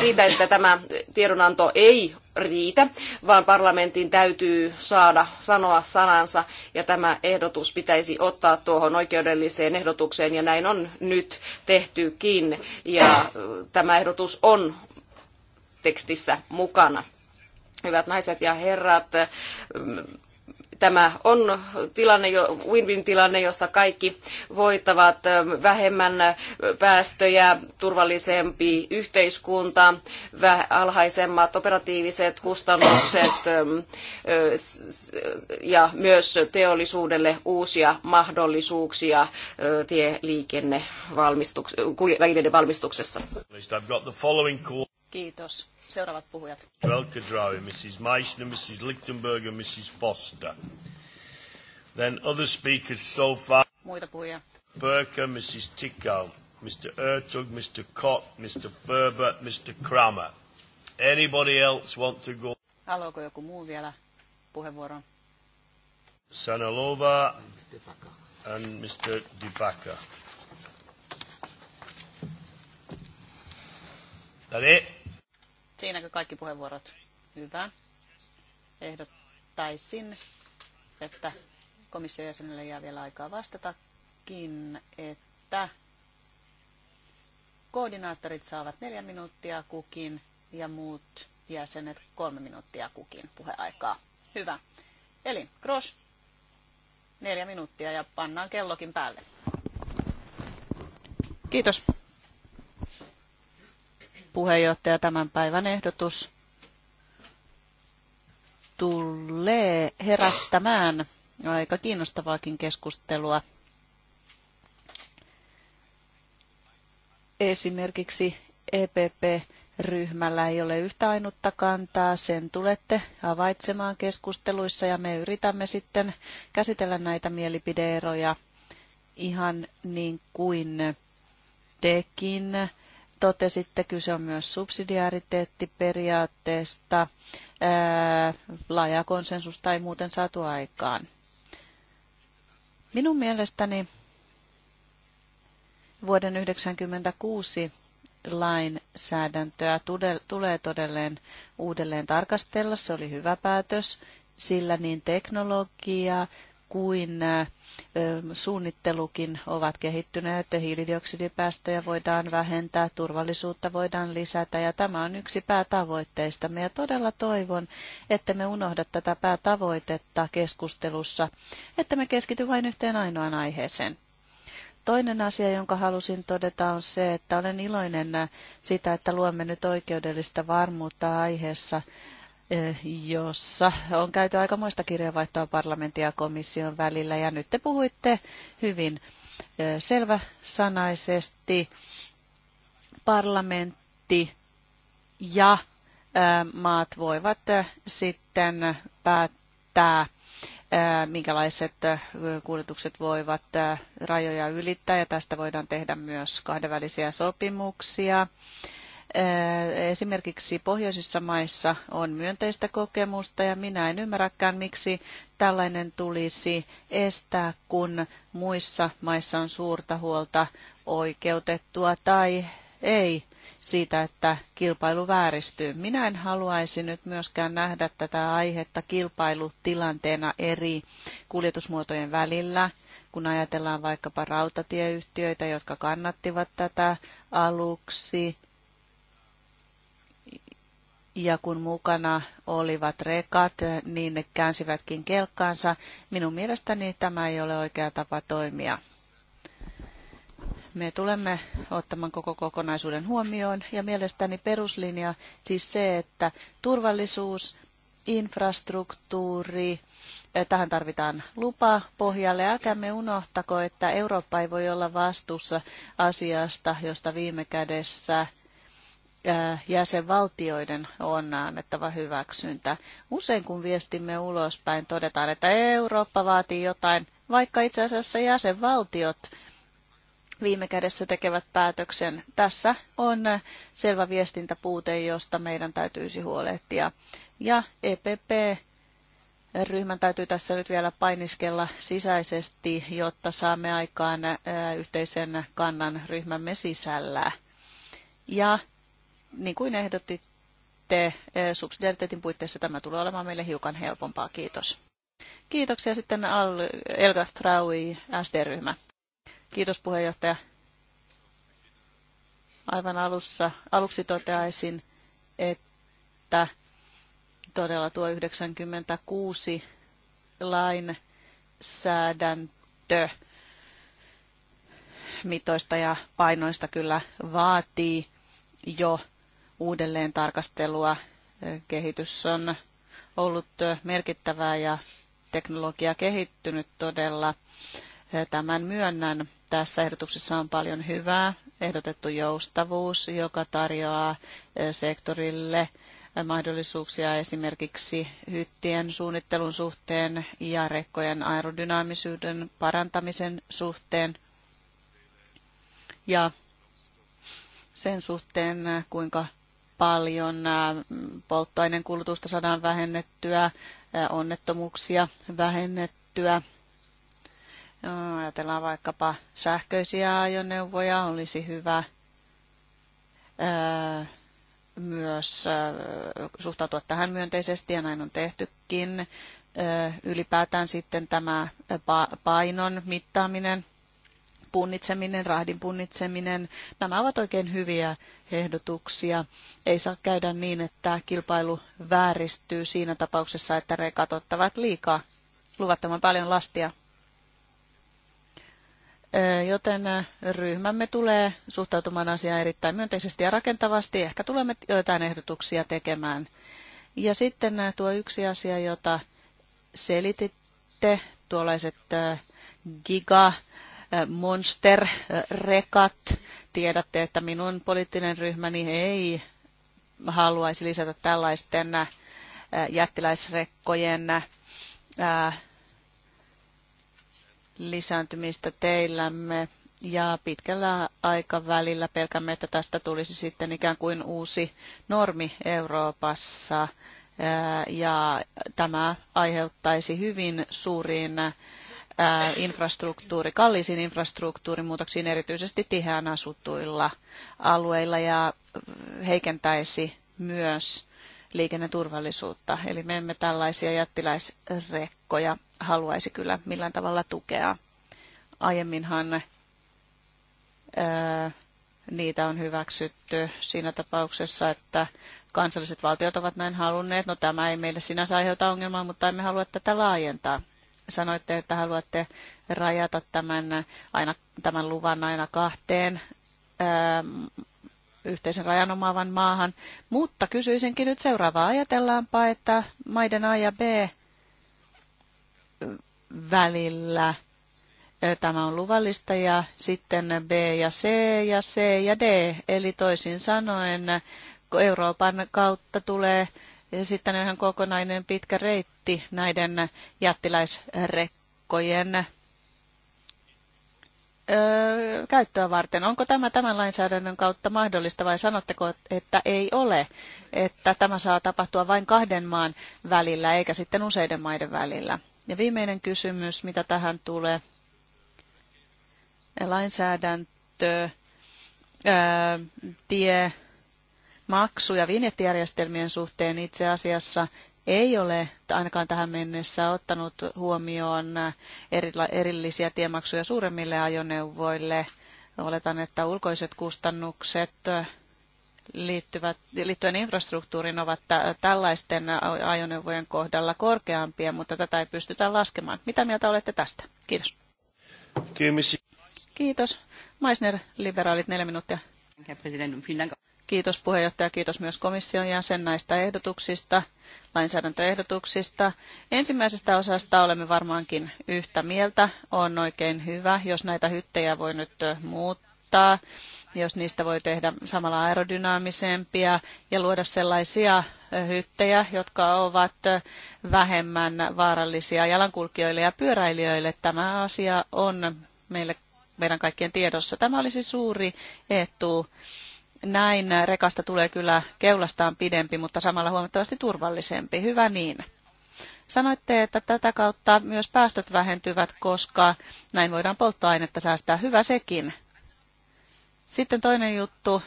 Speaker 3: siitä, että tämä tiedonanto ei riitä, vaan parlamentin täytyy saada sanoa sanansa ja tämä ehdotus pitäisi ottaa tuohon oikeudelliseen ehdotukseen ja näin on nyt tehtykin ja tämä ehdotus on tekstissä mukana. Hyvät naiset ja herrat, tämä on tilanne, win-win tilanne, jossa kaikki voittavat vähemmän päästöjä, turvallisempi yhteiskunta, alhaisemmat operatiiviset kustannukset ja myös teollisuudelle uusia mahdollisuuksia tieliikennevalmistuksessa. valmistuksessa.
Speaker 2: Kiitos. Seuraavat puhujat.
Speaker 1: Alcadrawi, Mrs. Meissner, Mrs. Lichtenberger, Mrs. Foster. Then other speakers so far. Muita puhujia. Burke, Mrs. Tickau, Mr. Ertug, Mr. Cott, Mr. Ferber, Mr. Kramer. Anybody else want to go?
Speaker 2: Haluaako joku muu vielä puheenvuoron?
Speaker 1: Sanalova and Mr. Dibaka. That it?
Speaker 2: Siinäkö kaikki puheenvuorot? Hyvä. Ehdottaisin, että komission jäsenelle jää vielä aikaa vastatakin, että koordinaattorit saavat neljä minuuttia kukin ja muut jäsenet kolme minuuttia kukin puheaikaa. Hyvä. Eli Gros, neljä minuuttia ja pannaan kellokin päälle. Kiitos puheenjohtaja, tämän päivän ehdotus tulee herättämään aika kiinnostavaakin keskustelua. Esimerkiksi EPP-ryhmällä ei ole yhtä ainutta kantaa, sen tulette havaitsemaan keskusteluissa ja me yritämme sitten käsitellä näitä mielipideeroja ihan niin kuin tekin totesitte, kyse on myös subsidiariteettiperiaatteesta, laaja konsensus tai muuten saatu aikaan. Minun mielestäni vuoden 1996 lainsäädäntöä tulee todelleen uudelleen tarkastella. Se oli hyvä päätös, sillä niin teknologia kuin suunnittelukin ovat kehittyneet. Hiilidioksidipäästöjä voidaan vähentää, turvallisuutta voidaan lisätä ja tämä on yksi päätavoitteista. Ja todella toivon, että me unohda tätä päätavoitetta keskustelussa, että me keskity vain yhteen ainoaan aiheeseen. Toinen asia, jonka halusin todeta, on se, että olen iloinen sitä, että luomme nyt oikeudellista varmuutta aiheessa, Eh, jossa on käyty muista kirjeenvaihtoa parlamentin ja komission välillä. Ja nyt te puhuitte hyvin eh, selväsanaisesti parlamentti ja eh, maat voivat sitten päättää, minkälaiset kuljetukset voivat rajoja ylittää ja tästä voidaan tehdä myös kahdenvälisiä sopimuksia. Esimerkiksi pohjoisissa maissa on myönteistä kokemusta ja minä en ymmärräkään, miksi tällainen tulisi estää, kun muissa maissa on suurta huolta oikeutettua tai ei siitä, että kilpailu vääristyy. Minä en haluaisi nyt myöskään nähdä tätä aihetta kilpailutilanteena eri kuljetusmuotojen välillä, kun ajatellaan vaikkapa rautatieyhtiöitä, jotka kannattivat tätä aluksi ja kun mukana olivat rekat, niin ne käänsivätkin kelkkaansa. Minun mielestäni tämä ei ole oikea tapa toimia. Me tulemme ottamaan koko kokonaisuuden huomioon ja mielestäni peruslinja siis se, että turvallisuus, infrastruktuuri, eh, tähän tarvitaan lupa pohjalle. Älkäämme unohtako, että Eurooppa ei voi olla vastuussa asiasta, josta viime kädessä Äh, jäsenvaltioiden on annettava hyväksyntä. Usein kun viestimme ulospäin, todetaan, että Eurooppa vaatii jotain, vaikka itse asiassa jäsenvaltiot viime kädessä tekevät päätöksen. Tässä on selvä viestintäpuute, josta meidän täytyisi huolehtia. Ja EPP ryhmän täytyy tässä nyt vielä painiskella sisäisesti, jotta saamme aikaan äh, yhteisen kannan ryhmämme sisällä. Ja niin kuin ehdotitte, eh, subsidiariteetin puitteissa tämä tulee olemaan meille hiukan helpompaa. Kiitos. Kiitoksia sitten Al Elga Traui, SD-ryhmä. Kiitos puheenjohtaja. Aivan alussa, aluksi toteaisin, että todella tuo 96 lainsäädäntö mitoista ja painoista kyllä vaatii jo uudelleen tarkastelua. Kehitys on ollut merkittävää ja teknologia kehittynyt todella. Tämän myönnän. Tässä ehdotuksessa on paljon hyvää. Ehdotettu joustavuus, joka tarjoaa sektorille mahdollisuuksia esimerkiksi hyttien suunnittelun suhteen ja rekkojen aerodynaamisuuden parantamisen suhteen ja sen suhteen, kuinka paljon. Polttoaineen kulutusta saadaan vähennettyä, onnettomuuksia vähennettyä. Ajatellaan vaikkapa sähköisiä ajoneuvoja, olisi hyvä myös suhtautua tähän myönteisesti ja näin on tehtykin. Ylipäätään sitten tämä painon mittaaminen punnitseminen, rahdin punnitseminen, nämä ovat oikein hyviä ehdotuksia. Ei saa käydä niin, että kilpailu vääristyy siinä tapauksessa, että rekat ottavat liikaa luvattoman paljon lastia. Joten ryhmämme tulee suhtautumaan asiaan erittäin myönteisesti ja rakentavasti. Ehkä tulemme joitain ehdotuksia tekemään. Ja sitten tuo yksi asia, jota selititte, tuollaiset giga Äh, monsterrekat. Äh, Tiedätte, että minun poliittinen ryhmäni ei haluaisi lisätä tällaisten äh, jättiläisrekkojen lisääntymistä teillämme. Ja pitkällä aikavälillä pelkämme, että tästä tulisi sitten ikään kuin uusi normi Euroopassa. Ja tämä aiheuttaisi hyvin suuriin infrastruktuuri, kalliisiin infrastruktuurimuutoksiin erityisesti tiheään asuttuilla alueilla ja heikentäisi myös liikenneturvallisuutta. Eli me emme tällaisia jättiläisrekkoja haluaisi kyllä millään tavalla tukea. Aiemminhan ää, niitä on hyväksytty siinä tapauksessa, että kansalliset valtiot ovat näin halunneet. No tämä ei meille sinänsä aiheuta ongelmaa, mutta emme halua tätä laajentaa sanoitte, että haluatte rajata tämän, aina, tämän luvan aina kahteen ää, ähm, yhteisen rajan omaavan maahan. Mutta kysyisinkin nyt seuraavaa. Ajatellaanpa, että maiden A ja B äh, välillä äh, tämä on luvallista ja sitten B ja C ja C ja D, eli toisin sanoen Euroopan kautta tulee sitten on ihan kokonainen pitkä reitti näiden jättiläisrekkojen käyttöä varten. Onko tämä tämän lainsäädännön kautta mahdollista vai sanotteko, että ei ole, että tämä saa tapahtua vain kahden maan välillä eikä sitten useiden maiden välillä? Ja viimeinen kysymys, mitä tähän tulee, lainsäädäntö, öö, tie, maksuja vinjettijärjestelmien suhteen itse asiassa ei ole ainakaan tähän mennessä ottanut huomioon äh, erillisiä tiemaksuja suuremmille ajoneuvoille. Oletan, että ulkoiset kustannukset äh, liittyvät, liittyen infrastruktuuriin ovat tällaisten ajoneuvojen kohdalla korkeampia, mutta tätä ei pystytä laskemaan. Mitä mieltä olette tästä? Kiitos. Kiitos. Meisner, liberaalit, neljä minuuttia. Kiitos puheenjohtaja, kiitos myös komission jäsen näistä ehdotuksista, lainsäädäntöehdotuksista. Ensimmäisestä osasta olemme varmaankin yhtä mieltä. On oikein hyvä, jos näitä hyttejä voi nyt muuttaa, jos niistä voi tehdä samalla aerodynaamisempia ja luoda sellaisia hyttejä, jotka ovat vähemmän vaarallisia jalankulkijoille ja pyöräilijöille. Tämä asia on meille, meidän kaikkien tiedossa. Tämä olisi suuri etu näin rekasta tulee kyllä keulastaan pidempi, mutta samalla huomattavasti turvallisempi. Hyvä niin. Sanoitte, että tätä kautta myös päästöt vähentyvät, koska näin voidaan polttoainetta säästää. Hyvä sekin. Sitten toinen juttu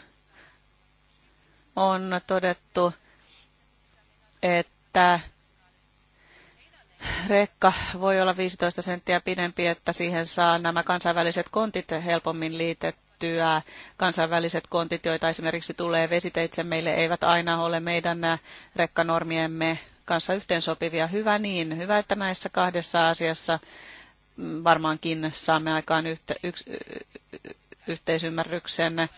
Speaker 2: on todettu, että rekka voi olla 15 senttiä pidempi, että siihen saa nämä kansainväliset kontit helpommin liitettyä vältettyä. Kansainväliset kontit, joita esimerkiksi tulee vesiteitse meille, eivät aina ole meidän äh, rekkanormiemme kanssa yhteensopivia. Hyvä niin, hyvä, että näissä kahdessa asiassa mm, varmaankin saamme aikaan yks, yhteisymmärryksen.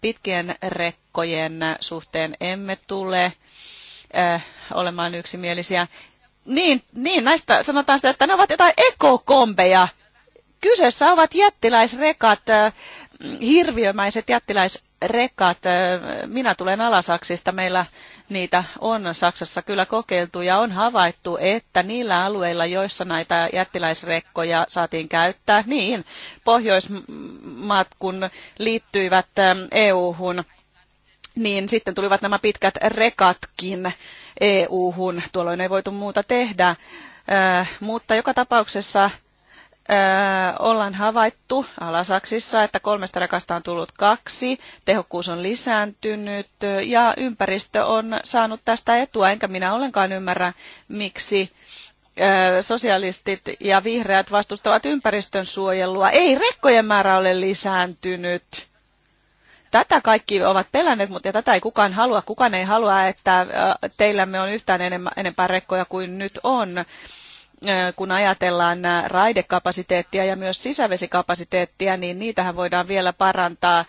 Speaker 2: Pitkien rekkojen suhteen emme tule äh, olemaan yksimielisiä. Niin, niin, näistä sanotaan sitä, että ne ovat jotain ekokombeja. Kyseessä ovat jättiläisrekat, äh, hirviömäiset jättiläisrekat. Minä tulen Alasaksista, meillä niitä on Saksassa kyllä kokeiltu ja on havaittu, että niillä alueilla, joissa näitä jättiläisrekkoja saatiin käyttää, niin Pohjoismaat kun liittyivät EU-hun, niin sitten tulivat nämä pitkät rekatkin EU-hun. Tuolloin ei voitu muuta tehdä. Mutta joka tapauksessa ollaan havaittu Alasaksissa, että kolmesta rekasta on tullut kaksi, tehokkuus on lisääntynyt ja ympäristö on saanut tästä etua, enkä minä ollenkaan ymmärrä, miksi sosialistit ja vihreät vastustavat ympäristön suojelua. Ei rekkojen määrä ole lisääntynyt. Tätä kaikki ovat pelänneet, mutta tätä ei kukaan halua. Kukaan ei halua, että teillämme on yhtään enemmän, enempää rekkoja kuin nyt on kun ajatellaan raidekapasiteettia ja myös sisävesikapasiteettia, niin niitähän voidaan vielä parantaa,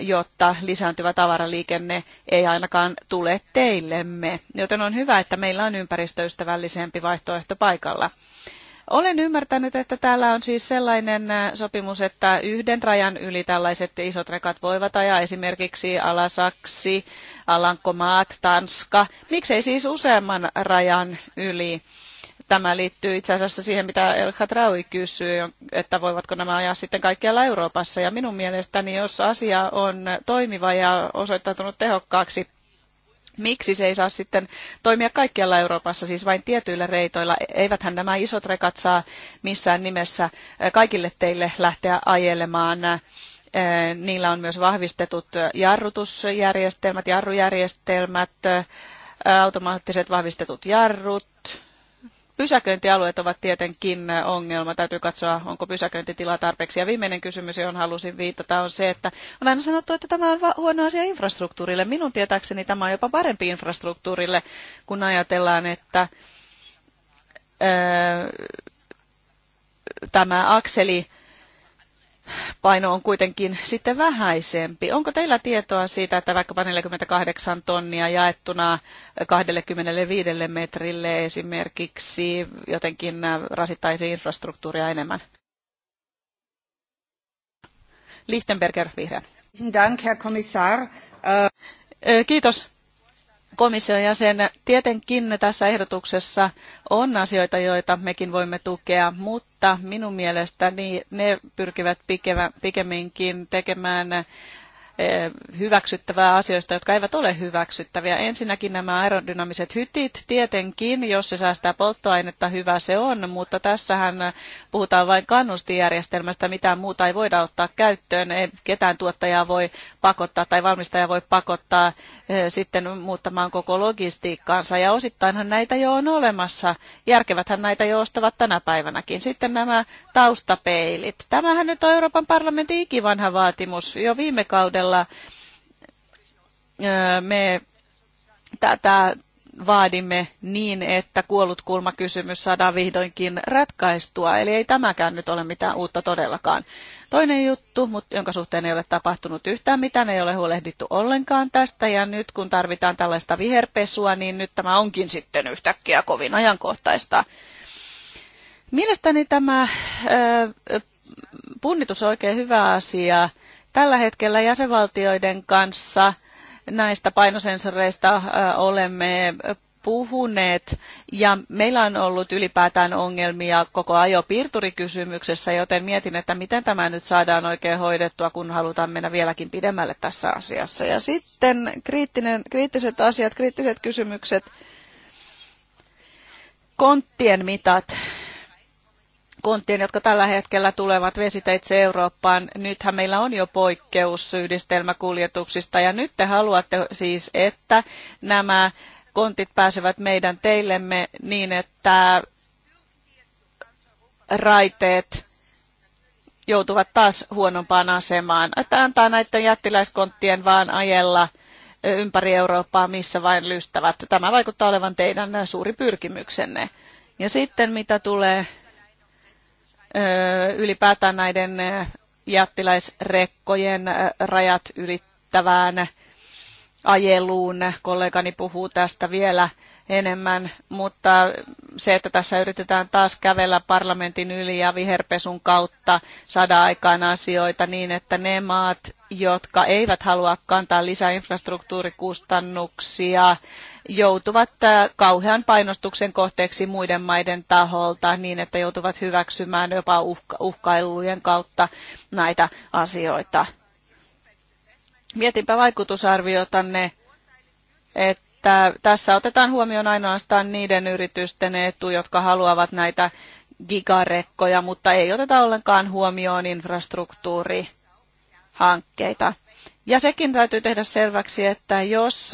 Speaker 2: jotta lisääntyvä tavaraliikenne ei ainakaan tule teillemme. Joten on hyvä, että meillä on ympäristöystävällisempi vaihtoehto paikalla. Olen ymmärtänyt, että täällä on siis sellainen sopimus, että yhden rajan yli tällaiset isot rekat voivat ajaa esimerkiksi Alasaksi, Alankomaat, Tanska. Miksei siis useamman rajan yli? Tämä liittyy itse asiassa siihen, mitä El Khadraoui kysyy, että voivatko nämä ajaa sitten kaikkialla Euroopassa. Ja minun mielestäni, jos asia on toimiva ja osoittautunut tehokkaaksi, miksi se ei saa sitten toimia kaikkialla Euroopassa, siis vain tietyillä reitoilla. Eiväthän nämä isot rekat saa missään nimessä kaikille teille lähteä ajelemaan. Niillä on myös vahvistetut jarrutusjärjestelmät, jarrujärjestelmät, automaattiset vahvistetut jarrut, Pysäköintialueet ovat tietenkin ongelma. Täytyy katsoa, onko pysäköintitilaa tarpeeksi. Ja viimeinen kysymys, johon halusin viitata, on se, että on aina sanottu, että tämä on huono asia infrastruktuurille. Minun tietääkseni tämä on jopa parempi infrastruktuurille, kun ajatellaan, että ää, tämä akseli paino on kuitenkin sitten vähäisempi. Onko teillä tietoa siitä, että vaikkapa 48 tonnia jaettuna 25 metrille esimerkiksi jotenkin äh, rasittaisi infrastruktuuria enemmän? Lichtenberger, vihreä. Dank, Herr Kommissar. Äh, kiitos komission jäsen, tietenkin tässä ehdotuksessa on asioita, joita mekin voimme tukea, mutta minun mielestäni ne pyrkivät pikemminkin tekemään Eh, hyväksyttävää asioista, jotka eivät ole hyväksyttäviä. Ensinnäkin nämä aerodynaamiset hytit, tietenkin, jos se säästää polttoainetta, hyvä se on, mutta tässähän puhutaan vain kannustijärjestelmästä, mitään muuta ei voida ottaa käyttöön, ei ketään tuottajaa voi pakottaa tai valmistaja voi pakottaa eh, sitten muuttamaan koko logistiikkaansa ja osittainhan näitä jo on olemassa. Järkeväthän näitä jo ostavat tänä päivänäkin. Sitten nämä taustapeilit. Tämähän nyt on Euroopan parlamentin ikivanha vaatimus jo viime kaudella puolella me tätä vaadimme niin, että kuollut kulmakysymys saadaan vihdoinkin ratkaistua. Eli ei tämäkään nyt ole mitään uutta todellakaan. Toinen juttu, mutta jonka suhteen ei ole tapahtunut yhtään mitään, ei ole huolehdittu ollenkaan tästä. Ja nyt kun tarvitaan tällaista viherpesua, niin nyt tämä onkin sitten yhtäkkiä kovin ajankohtaista. Mielestäni tämä äh, punnitus on oikein hyvä asia. Tällä hetkellä jäsenvaltioiden kanssa näistä painosensoreista äh, olemme puhuneet ja meillä on ollut ylipäätään ongelmia koko ajopiirturikysymyksessä, joten mietin, että miten tämä nyt saadaan oikein hoidettua, kun halutaan mennä vieläkin pidemmälle tässä asiassa. Ja sitten kriittinen, kriittiset asiat, kriittiset kysymykset, konttien mitat konttien, jotka tällä hetkellä tulevat vesiteitse Eurooppaan. Nythän meillä on jo poikkeus yhdistelmäkuljetuksista ja nyt te haluatte siis, että nämä kontit pääsevät meidän teillemme niin, että raiteet joutuvat taas huonompaan asemaan. Että antaa näiden jättiläiskonttien vaan ajella ympäri Eurooppaa, missä vain lystävät. Tämä vaikuttaa olevan teidän suuri pyrkimyksenne. Ja sitten mitä tulee ylipäätään näiden jättiläisrekkojen rajat ylittävään ajeluun. Kollegani puhuu tästä vielä enemmän, mutta se, että tässä yritetään taas kävellä parlamentin yli ja viherpesun kautta saada aikaan asioita niin, että ne maat, jotka eivät halua kantaa lisää infrastruktuurikustannuksia, joutuvat äh, kauhean painostuksen kohteeksi muiden maiden taholta niin, että joutuvat hyväksymään jopa uhka- uhkailujen kautta näitä asioita. Mietinpä vaikutusarviotanne, että että tässä otetaan huomioon ainoastaan niiden yritysten etu, jotka haluavat näitä gigarekkoja, mutta ei oteta ollenkaan huomioon infrastruktuurihankkeita. Ja sekin täytyy tehdä selväksi, että jos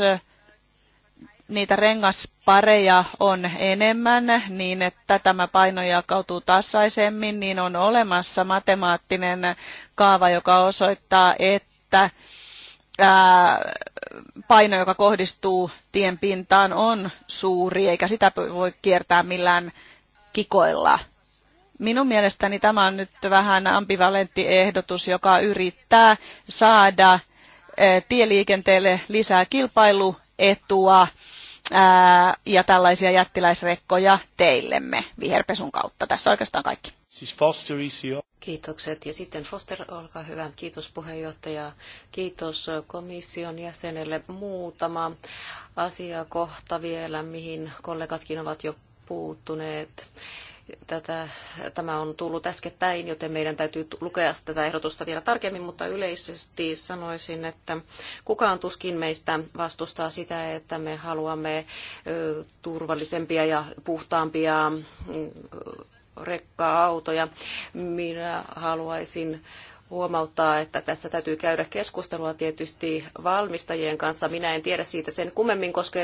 Speaker 2: niitä rengaspareja on enemmän, niin että tämä paino jakautuu tasaisemmin, niin on olemassa matemaattinen kaava, joka osoittaa, että paino, joka kohdistuu tien pintaan, on suuri, eikä sitä voi kiertää millään kikoilla. Minun mielestäni tämä on nyt vähän ambivalentti ehdotus, joka yrittää saada tieliikenteelle lisää kilpailuetua ja tällaisia
Speaker 3: jättiläisrekkoja
Speaker 2: teillemme viherpesun kautta. Tässä oikeastaan kaikki.
Speaker 1: Siis Foster e
Speaker 3: Kiitokset. Ja sitten Foster, olkaa hyvä. Kiitos puheenjohtaja. Kiitos komission jäsenelle. Muutama asiakohta vielä, mihin kollegatkin ovat jo puuttuneet tätä, tämä on tullut äskettäin, joten meidän täytyy lukea tätä ehdotusta vielä tarkemmin, mutta yleisesti sanoisin, että kukaan tuskin meistä vastustaa sitä, että me haluamme turvallisempia ja puhtaampia rekka-autoja. Minä haluaisin huomauttaa, että tässä täytyy käydä keskustelua tietysti valmistajien kanssa. Minä en tiedä siitä sen kummemmin, koska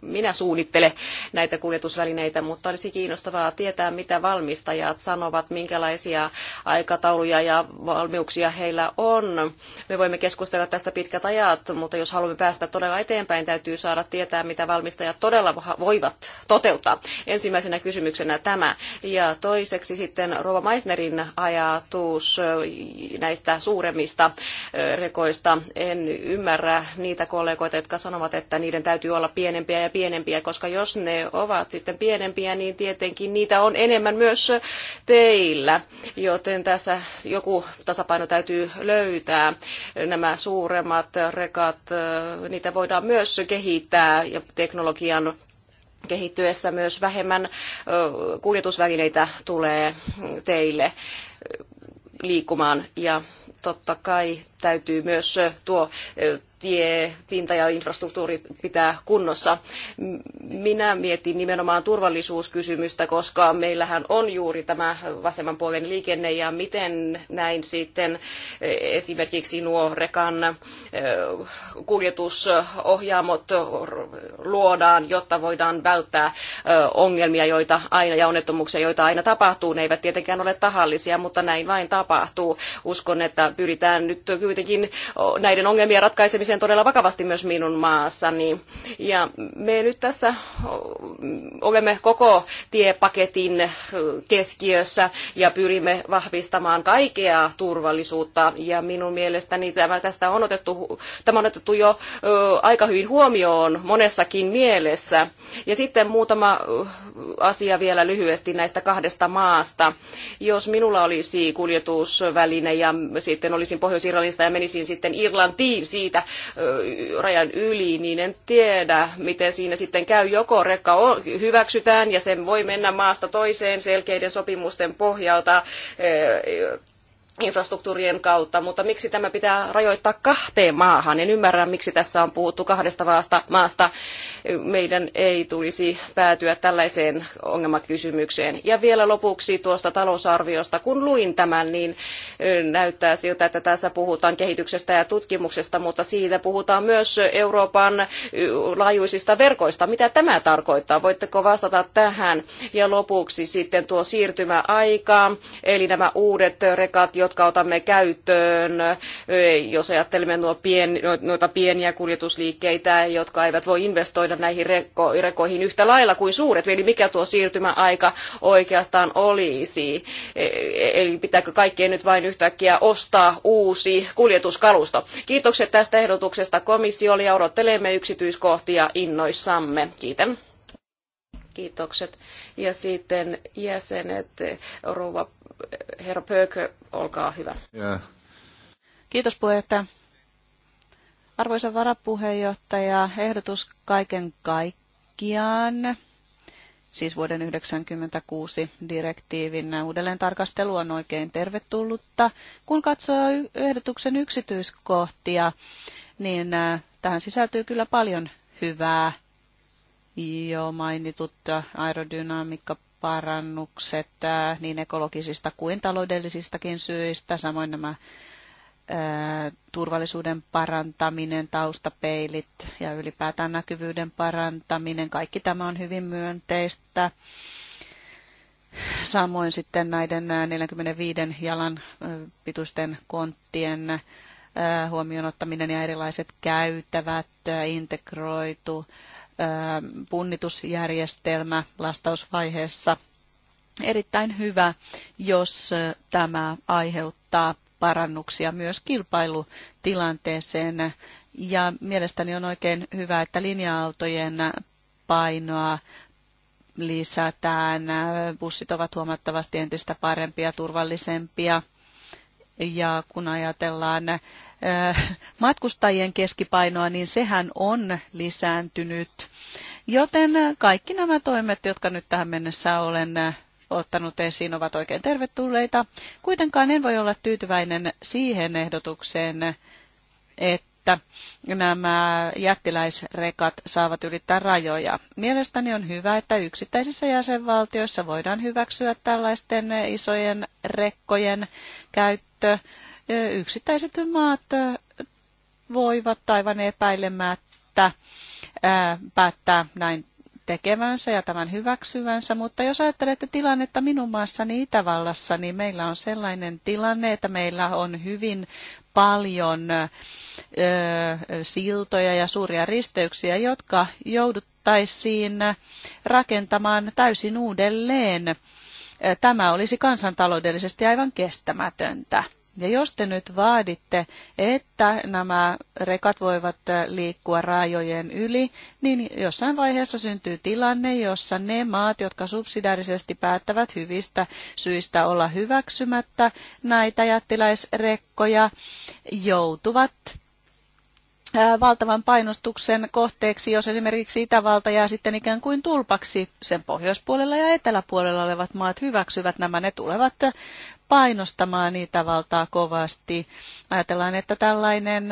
Speaker 3: minä suunnittele näitä kuljetusvälineitä, mutta olisi kiinnostavaa tietää, mitä valmistajat sanovat, minkälaisia aikatauluja ja valmiuksia heillä on. Me voimme keskustella tästä pitkät ajat, mutta jos haluamme päästä todella eteenpäin, täytyy saada tietää, mitä valmistajat todella voivat toteuttaa. Ensimmäisenä kysymyksenä tämä. Ja toiseksi sitten Rova Meissnerin ajatus näistä suuremmista rekoista. En ymmärrä niitä kollegoita, jotka sanovat, että niiden täytyy olla pienempiä ja pienempiä, koska jos ne ovat sitten pienempiä, niin tietenkin niitä on enemmän myös teillä. Joten tässä joku tasapaino täytyy löytää. Nämä suuremmat rekat, niitä voidaan myös kehittää ja teknologian kehittyessä myös vähemmän kuljetusvälineitä tulee teille liikumaan ja totta kai täytyy myös tuo tie, pinta ja infrastruktuuri pitää kunnossa. Minä mietin nimenomaan turvallisuuskysymystä, koska meillähän on juuri tämä vasemman puolen liikenne ja miten näin sitten e, esimerkiksi nuo rekan e, kuljetusohjaamot luodaan, jotta voidaan välttää e, ongelmia joita aina, ja onnettomuuksia, joita aina tapahtuu. Ne eivät tietenkään ole tahallisia, mutta näin vain tapahtuu. Uskon, että pyritään nyt kuitenkin näiden ongelmien ratkaisemiseen sen todella vakavasti myös minun maassani. Ja me nyt tässä olemme koko tiepaketin keskiössä ja pyrimme vahvistamaan kaikkea turvallisuutta. Ja minun mielestäni tämä, tästä on otettu, tämä on otettu jo aika hyvin huomioon monessakin mielessä. Ja sitten muutama asia vielä lyhyesti näistä kahdesta maasta. Jos minulla olisi kuljetusväline ja sitten olisin Pohjois-Irlannista ja menisin sitten Irlantiin siitä rajan yli, niin en tiedä, miten siinä sitten käy. Joko rekka hyväksytään ja sen voi mennä maasta toiseen selkeiden sopimusten pohjalta infrastruktuurien kautta, mutta miksi tämä pitää rajoittaa kahteen maahan? En ymmärrä, miksi tässä on puhuttu kahdesta vasta maasta. Meidän ei tulisi päätyä tällaiseen ongelmakysymykseen. Ja vielä lopuksi tuosta talousarviosta. Kun luin tämän, niin näyttää siltä, että tässä puhutaan kehityksestä ja tutkimuksesta, mutta siitä puhutaan myös Euroopan laajuisista verkoista. Mitä tämä tarkoittaa? Voitteko vastata tähän? Ja lopuksi sitten tuo siirtymäaika, eli nämä uudet rekat, jotka otamme käyttöön, jos ajattelemme nuo pien, no, noita pieniä kuljetusliikkeitä, jotka eivät voi investoida näihin rekkoihin rekoihin yhtä lailla kuin suuret. Eli mikä tuo siirtymäaika oikeastaan olisi? E, e, eli pitääkö kaikkien nyt vain yhtäkkiä ostaa uusi kuljetuskalusto? Kiitokset tästä ehdotuksesta komissiolle ja odottelemme yksityiskohtia innoissamme. Kiitän. Kiitokset. Ja sitten jäsenet, rouva herra Pöökö, olkaa hyvä. Yeah. Kiitos puheenjohtaja.
Speaker 2: Arvoisa varapuheenjohtaja, ehdotus kaiken kaikkiaan, siis vuoden 1996 direktiivin uudelleen tarkastelu on oikein tervetullutta. Kun katsoo ehdotuksen yksityiskohtia, niin äh, tähän sisältyy kyllä paljon hyvää. Jo mainitut aerodynamiikka, parannukset äh, niin ekologisista kuin taloudellisistakin syistä, samoin nämä äh, turvallisuuden parantaminen, taustapeilit ja ylipäätään näkyvyyden parantaminen, kaikki tämä on hyvin myönteistä. Samoin sitten näiden 45 äh, jalan pituisten konttien huomioon ottaminen ja erilaiset käytävät, integroitu punnitusjärjestelmä lastausvaiheessa. Erittäin hyvä, jos tämä aiheuttaa parannuksia myös kilpailutilanteeseen. Ja mielestäni on oikein hyvä, että linja-autojen painoa lisätään. Bussit ovat huomattavasti entistä parempia, turvallisempia. Ja kun ajatellaan Äh, matkustajien keskipainoa, niin sehän on lisääntynyt. Joten äh, kaikki nämä toimet, jotka nyt tähän mennessä olen äh, ottanut esiin, ovat oikein tervetulleita. Kuitenkaan en voi olla tyytyväinen siihen ehdotukseen, että nämä jättiläisrekat saavat ylittää rajoja. Mielestäni on hyvä, että yksittäisissä jäsenvaltioissa voidaan hyväksyä tällaisten isojen rekkojen käyttö yksittäiset maat voivat aivan epäilemättä päättää näin tekevänsä ja tämän hyväksyvänsä, mutta jos ajattelette tilannetta minun maassani Itävallassa, niin meillä on sellainen tilanne, että meillä on hyvin paljon ö, siltoja ja suuria risteyksiä, jotka jouduttaisiin rakentamaan täysin uudelleen. Tämä olisi kansantaloudellisesti aivan kestämätöntä. Ja jos te nyt vaaditte, että nämä rekat voivat äh, liikkua rajojen yli, niin jossain vaiheessa syntyy tilanne, jossa ne maat, jotka subsidiarisesti päättävät hyvistä syistä olla hyväksymättä näitä jättiläisrekkoja, joutuvat valtavan painostuksen kohteeksi, jos esimerkiksi Itävalta jää sitten ikään kuin tulpaksi sen pohjoispuolella ja eteläpuolella olevat maat hyväksyvät nämä, ne tulevat painostamaan Itävaltaa kovasti. Ajatellaan, että tällainen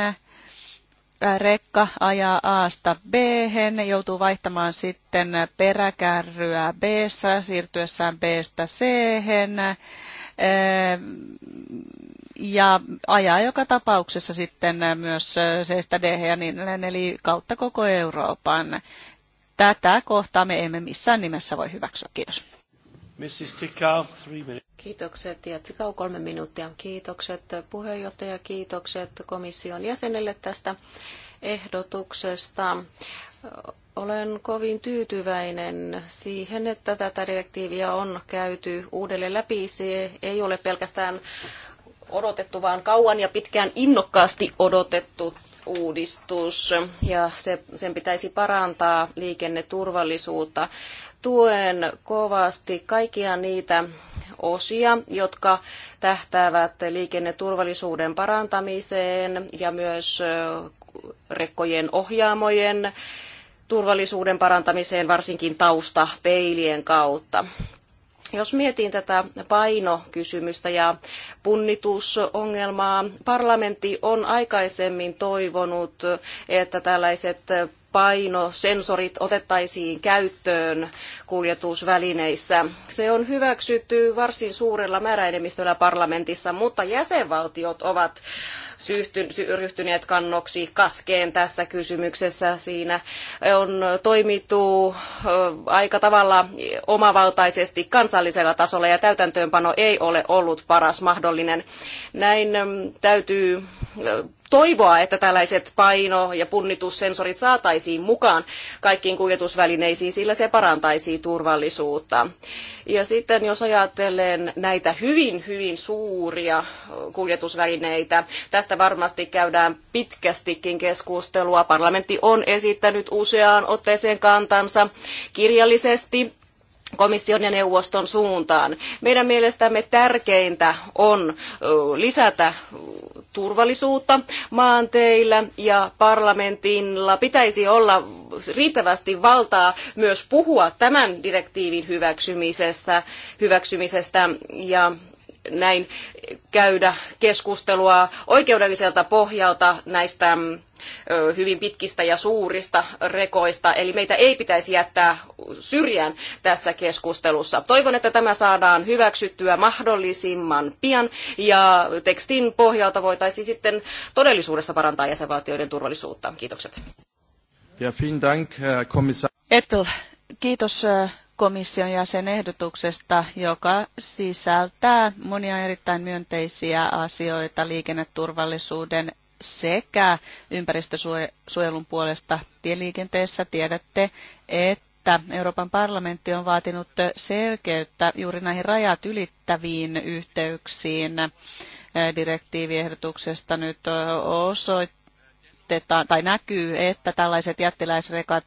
Speaker 2: rekka ajaa aasta b -hen, joutuu vaihtamaan sitten peräkärryä b siirtyessään b c -hen ja ajaa joka tapauksessa sitten myös äh, seistä DH ja niin edelleen, eli kautta koko Euroopan. Tätä kohtaa me emme missään nimessä
Speaker 3: voi hyväksyä. Kiitos.
Speaker 1: Mrs. Tikau,
Speaker 3: Kiitokset ja Tikau kolme minuuttia. Kiitokset puheenjohtaja, kiitokset komission jäsenelle tästä ehdotuksesta. Olen kovin tyytyväinen siihen, että tätä direktiiviä on käyty uudelleen läpi. Se ei ole pelkästään odotettu, vaan kauan ja pitkään innokkaasti odotettu uudistus ja se, sen pitäisi parantaa liikenneturvallisuutta. Tuen kovasti kaikkia niitä osia, jotka tähtäävät liikenneturvallisuuden parantamiseen ja myös rekkojen ohjaamojen turvallisuuden parantamiseen varsinkin taustapeilien kautta. Jos mietin tätä painokysymystä ja punnitusongelmaa, parlamentti on aikaisemmin toivonut, että tällaiset painosensorit otettaisiin käyttöön kuljetusvälineissä. Se on hyväksytty varsin suurella määräenemmistöllä parlamentissa, mutta jäsenvaltiot ovat ryhtyneet kannoksi kaskeen tässä kysymyksessä. Siinä on toimittu aika tavalla omavaltaisesti kansallisella tasolla ja täytäntöönpano ei ole ollut paras mahdollinen. Näin täytyy toivoa, että tällaiset paino- ja punnitussensorit saataisiin mukaan kaikkiin kuljetusvälineisiin, sillä se parantaisi turvallisuutta. Ja sitten jos ajattelen näitä hyvin, hyvin suuria kuljetusvälineitä, tästä varmasti käydään pitkästikin keskustelua. Parlamentti on esittänyt useaan otteeseen kantansa kirjallisesti komission ja neuvoston suuntaan. Meidän mielestämme tärkeintä on lisätä turvallisuutta maanteillä ja parlamentilla pitäisi olla riittävästi valtaa myös puhua tämän direktiivin hyväksymisestä, hyväksymisestä ja näin käydä keskustelua oikeudelliselta pohjalta näistä hyvin pitkistä ja suurista rekoista, eli meitä ei pitäisi jättää syrjään tässä keskustelussa. Toivon, että tämä saadaan hyväksyttyä mahdollisimman pian, ja tekstin pohjalta voitaisiin sitten todellisuudessa parantaa jäsenvaltioiden turvallisuutta. Kiitokset. Ja dank, Etel,
Speaker 2: kiitos komission jäsenehdotuksesta, joka sisältää monia erittäin myönteisiä asioita liikenneturvallisuuden sekä ympäristösuojelun puolesta tieliikenteessä. Tiedätte, että Euroopan parlamentti on vaatinut selkeyttä juuri näihin rajat ylittäviin yhteyksiin direktiiviehdotuksesta nyt osoitetaan tai näkyy, että tällaiset jättiläisrekat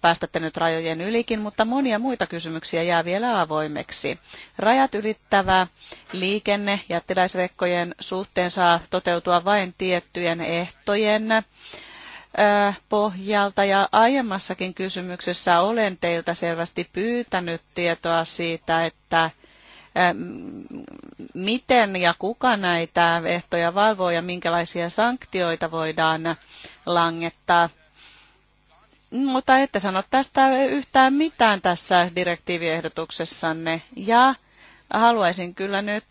Speaker 2: päästätte nyt rajojen ylikin, mutta monia muita kysymyksiä jää vielä avoimeksi. Rajat ylittävä liikenne jättiläisrekkojen suhteen saa toteutua vain tiettyjen ehtojen pohjalta ja aiemmassakin kysymyksessä olen teiltä selvästi pyytänyt tietoa siitä, että miten ja kuka näitä ehtoja valvoo ja minkälaisia sanktioita voidaan langettaa mutta ette sano tästä yhtään mitään tässä direktiiviehdotuksessanne. Ja Haluaisin kyllä nyt,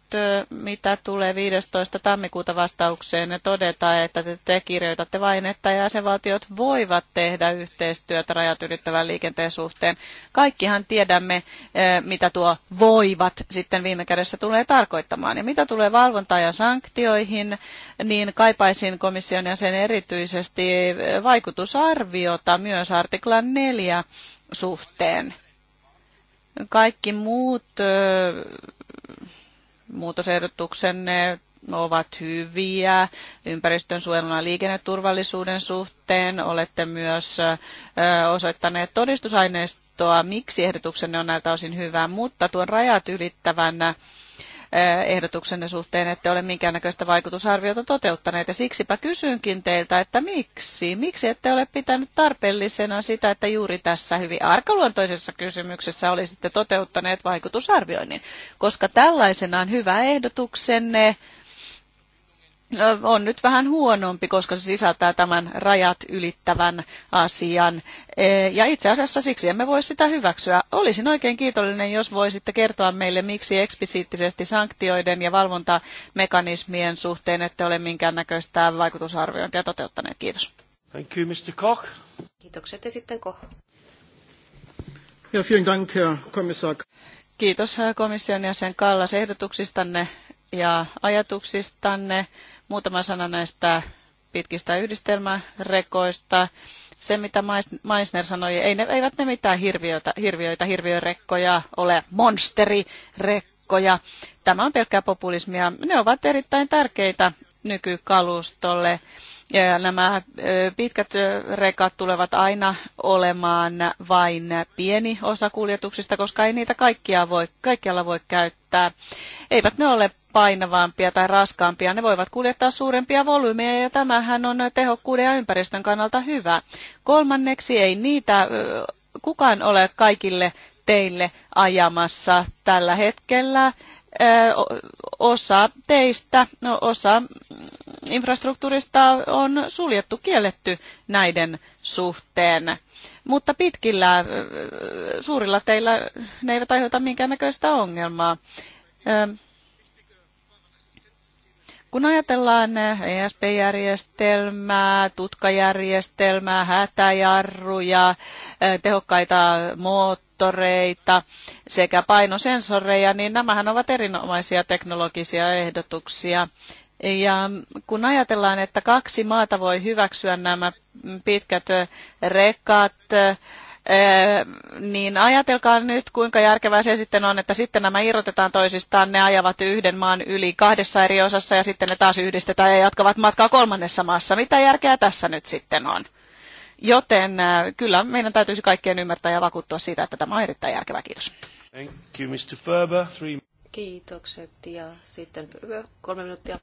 Speaker 2: mitä tulee 15. tammikuuta vastaukseen, todeta, että te, te kirjoitatte vain, että jäsenvaltiot voivat tehdä yhteistyötä rajat ylittävän liikenteen suhteen. Kaikkihan tiedämme, mitä tuo voivat sitten viime kädessä tulee tarkoittamaan. Ja mitä tulee valvontaan ja sanktioihin, niin kaipaisin komission ja sen erityisesti vaikutusarviota myös artiklan 4 suhteen kaikki muut muutosehdotuksenne ovat hyviä ympäristön suojelun ja liikenneturvallisuuden suhteen. Olette myös osoittaneet todistusaineistoa, miksi ehdotuksenne on näiltä osin hyvää, mutta tuon rajat ylittävänä Eh, ehdotuksenne suhteen ette ole minkäännäköistä vaikutusarviota toteuttaneet. Ja siksipä kysynkin teiltä, että miksi? Miksi ette ole pitänyt tarpeellisena sitä, että juuri tässä hyvin arkaluontoisessa kysymyksessä olisitte toteuttaneet vaikutusarvioinnin? Koska tällaisenaan hyvä ehdotuksenne on nyt vähän huonompi, koska se sisältää tämän rajat ylittävän asian. E, ja itse asiassa siksi emme voi sitä hyväksyä. Olisin oikein kiitollinen, jos voisitte kertoa meille, miksi eksplisiittisesti sanktioiden ja valvontamekanismien suhteen ette ole minkäännäköistä vaikutusarviointia toteuttaneet. Kiitos. Thank you, Mr. Koch.
Speaker 3: Kiitokset ja sitten Koch.
Speaker 2: Ja,
Speaker 1: vielen dank, Herr Kommissar.
Speaker 2: Kiitos komission jäsen Kallas ehdotuksistanne ja ajatuksistanne Muutama sana näistä pitkistä yhdistelmärekoista. Se, mitä Meissner sanoi, ei ne, eivät ne mitään hirviöitä, hirviöitä hirviörekkoja ole, monsterirekkoja. Tämä on pelkkää populismia. Ne ovat erittäin tärkeitä nykykalustolle nämä pitkät rekat tulevat aina olemaan vain pieni osa kuljetuksista, koska ei niitä kaikkia voi, kaikkialla voi käyttää. Eivät ne ole painavampia tai raskaampia, ne voivat kuljettaa suurempia volyymeja ja tämähän on tehokkuuden ja ympäristön kannalta hyvä. Kolmanneksi ei niitä kukaan ole kaikille teille ajamassa tällä hetkellä. Osa teistä, no osa infrastruktuurista on suljettu, kielletty näiden suhteen. Mutta pitkillä äh, suurilla teillä ne eivät aiheuta minkäännäköistä ongelmaa. Ähm, kun ajatellaan äh, ESP-järjestelmää, tutkajärjestelmää, hätäjarruja, äh, tehokkaita moottoreita sekä painosensoreja, niin nämähän ovat erinomaisia teknologisia ehdotuksia. Ja kun ajatellaan, että kaksi maata voi hyväksyä nämä pitkät rekat, eh, niin ajatelkaa nyt, kuinka järkevää se sitten on, että sitten nämä irrotetaan toisistaan, ne ajavat yhden maan yli kahdessa eri osassa ja sitten ne taas yhdistetään ja jatkavat matkaa kolmannessa maassa. Mitä järkeä tässä nyt sitten on? Joten eh, kyllä meidän täytyisi kaikkien ymmärtää ja vakuuttua siitä, että tämä on
Speaker 3: erittäin järkevä. Kiitos.
Speaker 1: Thank you, Mr. Ferber. Three...
Speaker 3: Kiitokset ja sitten kolme minuuttia.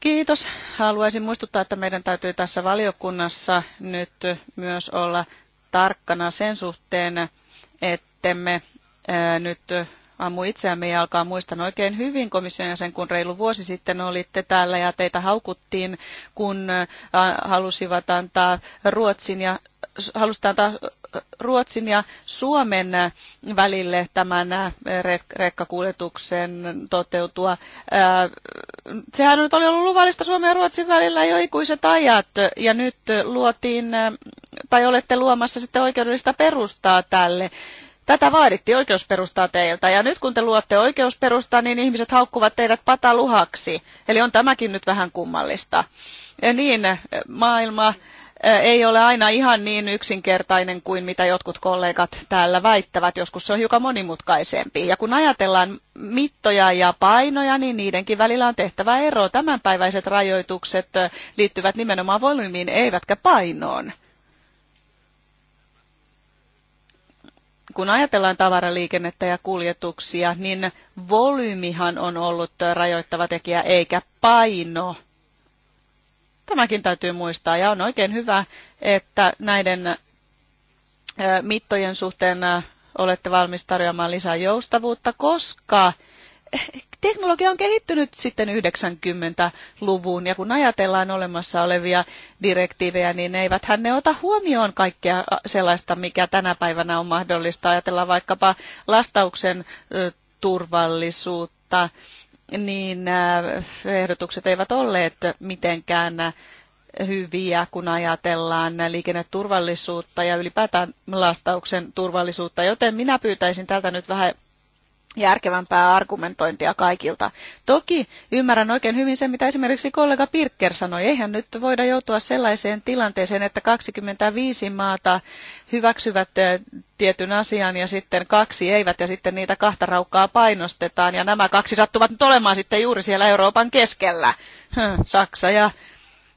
Speaker 3: Kiitos.
Speaker 1: Haluaisin
Speaker 2: muistuttaa, että meidän täytyy tässä valiokunnassa nyt myös olla tarkkana sen suhteen, ettemme nyt ammu itseämme alkaa Muistan oikein hyvin komission sen, kun reilu vuosi sitten olitte täällä ja teitä haukuttiin, kun halusivat antaa Ruotsin ja Halustaan antaa äh, Ruotsin ja Suomen äh, välille tämän äh, rekkakuljetuksen toteutua. Sehän nyt oli ollut luvallista Suomen ja Ruotsin välillä jo ikuiset ajat, ja nyt luotiin, tai olette luomassa sitten oikeudellista perustaa tälle. Tätä vaadittiin oikeusperustaa teiltä, ja nyt kun te luotte oikeusperustaa, niin ihmiset haukkuvat teidät pataluhaksi. Eli on tämäkin nyt vähän kummallista. Ja niin, maailma ei ole aina ihan niin yksinkertainen kuin mitä jotkut kollegat täällä väittävät. Joskus se on hiukan monimutkaisempi. Ja kun ajatellaan mittoja ja painoja, niin niidenkin välillä on tehtävä ero. Tämänpäiväiset rajoitukset liittyvät nimenomaan volyymiin, eivätkä painoon. kun ajatellaan tavaraliikennettä ja kuljetuksia, niin volyymihan on ollut rajoittava tekijä eikä paino. Tämäkin täytyy muistaa ja on oikein hyvä, että näiden mittojen suhteen olette valmis tarjoamaan lisää joustavuutta, koska teknologia on kehittynyt sitten 90-luvun ja kun ajatellaan olemassa olevia direktiivejä, niin eiväthän ne ota huomioon kaikkea sellaista, mikä tänä päivänä on mahdollista. Ajatellaan vaikkapa lastauksen turvallisuutta niin äh, ehdotukset eivät olleet mitenkään hyviä, kun ajatellaan liikenneturvallisuutta ja ylipäätään lastauksen turvallisuutta, joten minä pyytäisin tältä nyt vähän järkevämpää argumentointia kaikilta. Toki ymmärrän oikein hyvin sen, mitä esimerkiksi kollega Pirker sanoi. Eihän nyt voida joutua sellaiseen tilanteeseen, että 25 maata hyväksyvät eh, tietyn asian ja sitten kaksi eivät ja sitten niitä kahta raukkaa painostetaan ja nämä kaksi sattuvat nyt olemaan sitten juuri siellä Euroopan keskellä. Hm, Saksa ja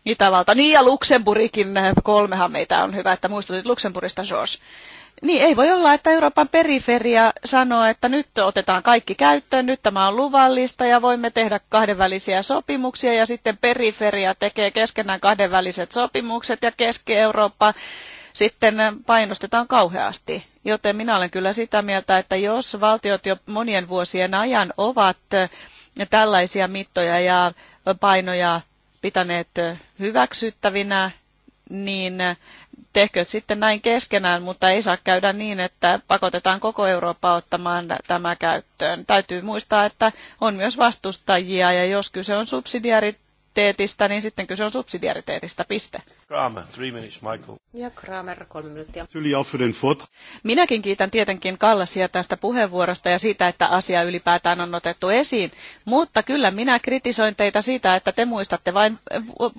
Speaker 2: Itävalta. Niin ja Luxemburgikin, eh, kolmehan meitä on hyvä, että muistutit Luxemburgista, George. Niin, ei voi olla, että Euroopan periferia sanoo, että nyt otetaan kaikki käyttöön, nyt tämä on luvallista ja voimme tehdä kahdenvälisiä sopimuksia ja sitten periferia tekee keskenään kahdenväliset sopimukset ja Keski-Eurooppa sitten painostetaan kauheasti. Joten minä olen kyllä sitä mieltä, että jos valtiot jo monien vuosien ajan ovat tällaisia mittoja ja painoja pitäneet hyväksyttävinä, niin tehkööt sitten näin keskenään, mutta ei saa käydä niin, että pakotetaan koko Eurooppa ottamaan tämä käyttöön. Täytyy muistaa, että on myös vastustajia ja jos kyse on subsidiarit subsidiariteetista, niin sitten kyse on subsidiariteetista, piste.
Speaker 1: Kramer, three minutes, Michael.
Speaker 2: Ja Kramer, kolme minuuttia. Minäkin kiitän tietenkin Kallasia tästä puheenvuorosta ja siitä, että asia ylipäätään on otettu esiin, mutta kyllä minä kritisoin teitä siitä, että te muistatte vain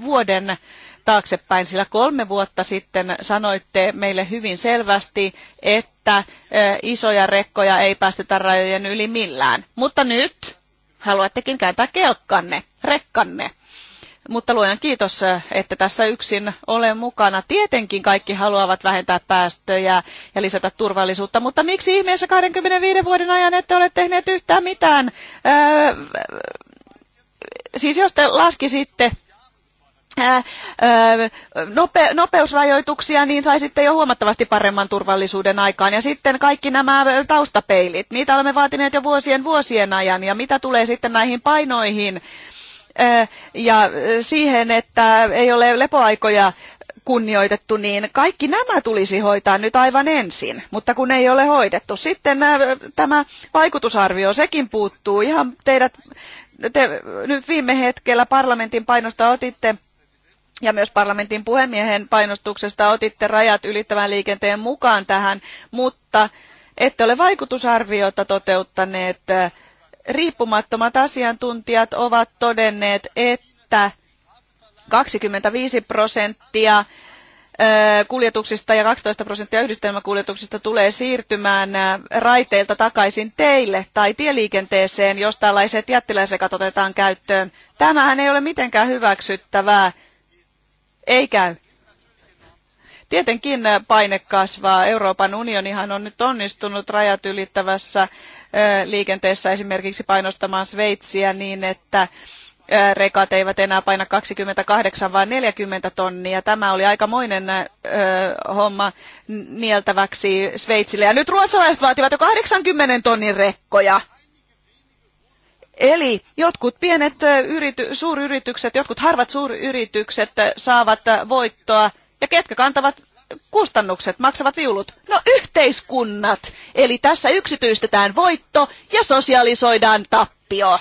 Speaker 2: vuoden taaksepäin, sillä kolme vuotta sitten sanoitte meille hyvin selvästi, että eh, isoja rekkoja ei päästetä rajojen yli millään. Mutta nyt haluattekin kääntää kelkkanne, rekkanne. Mutta luojan kiitos, äh, että tässä yksin olen mukana. Tietenkin kaikki haluavat vähentää päästöjä ja lisätä turvallisuutta, mutta miksi ihmeessä 25 vuoden ajan ette ole tehneet yhtään mitään? Öö, siis jos te laskisitte äh, nope, nopeusrajoituksia, niin saisitte jo huomattavasti paremman turvallisuuden aikaan. Ja sitten kaikki nämä taustapeilit, niitä olemme vaatineet jo vuosien vuosien ajan. Ja mitä tulee sitten näihin painoihin, Äh, ja äh, siihen, että ei ole lepoaikoja kunnioitettu, niin kaikki nämä tulisi hoitaa nyt aivan ensin, mutta kun ei ole hoidettu. Sitten äh, tämä vaikutusarvio, sekin puuttuu. Ihan teidät, te nyt viime hetkellä parlamentin painosta otitte ja myös parlamentin puhemiehen painostuksesta otitte rajat ylittävän liikenteen mukaan tähän, mutta ette ole vaikutusarviota toteuttaneet riippumattomat asiantuntijat ovat todenneet, että 25 prosenttia kuljetuksista ja 12 prosenttia yhdistelmäkuljetuksista tulee siirtymään raiteilta takaisin teille tai tieliikenteeseen, jos tällaiset jättiläisekat otetaan käyttöön. Tämähän ei ole mitenkään hyväksyttävää. Ei käy. Tietenkin paine kasvaa. Euroopan unionihan on nyt onnistunut rajat ylittävässä liikenteessä esimerkiksi painostamaan Sveitsiä niin, että rekat eivät enää paina 28 vaan 40 tonnia. Tämä oli aikamoinen ö, homma nieltäväksi Sveitsille. Ja nyt ruotsalaiset vaativat jo 80 tonnin rekkoja. Eli jotkut pienet yrity, suuryritykset, jotkut harvat suuryritykset saavat voittoa. Ja ketkä kantavat kustannukset maksavat viulut? No yhteiskunnat. Eli tässä yksityistetään voitto ja sosialisoidaan tappio.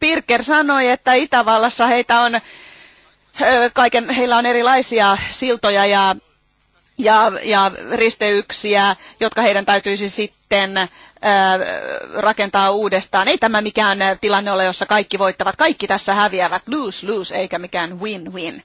Speaker 2: Pirker sanoi, että Itävallassa heitä on, kaiken, heillä on erilaisia siltoja ja, ja, ja risteyksiä, jotka heidän täytyisi sitten rakentaa uudestaan. Ei tämä mikään tilanne ole, jossa kaikki voittavat. Kaikki tässä häviävät. Lose, lose, eikä mikään win-win.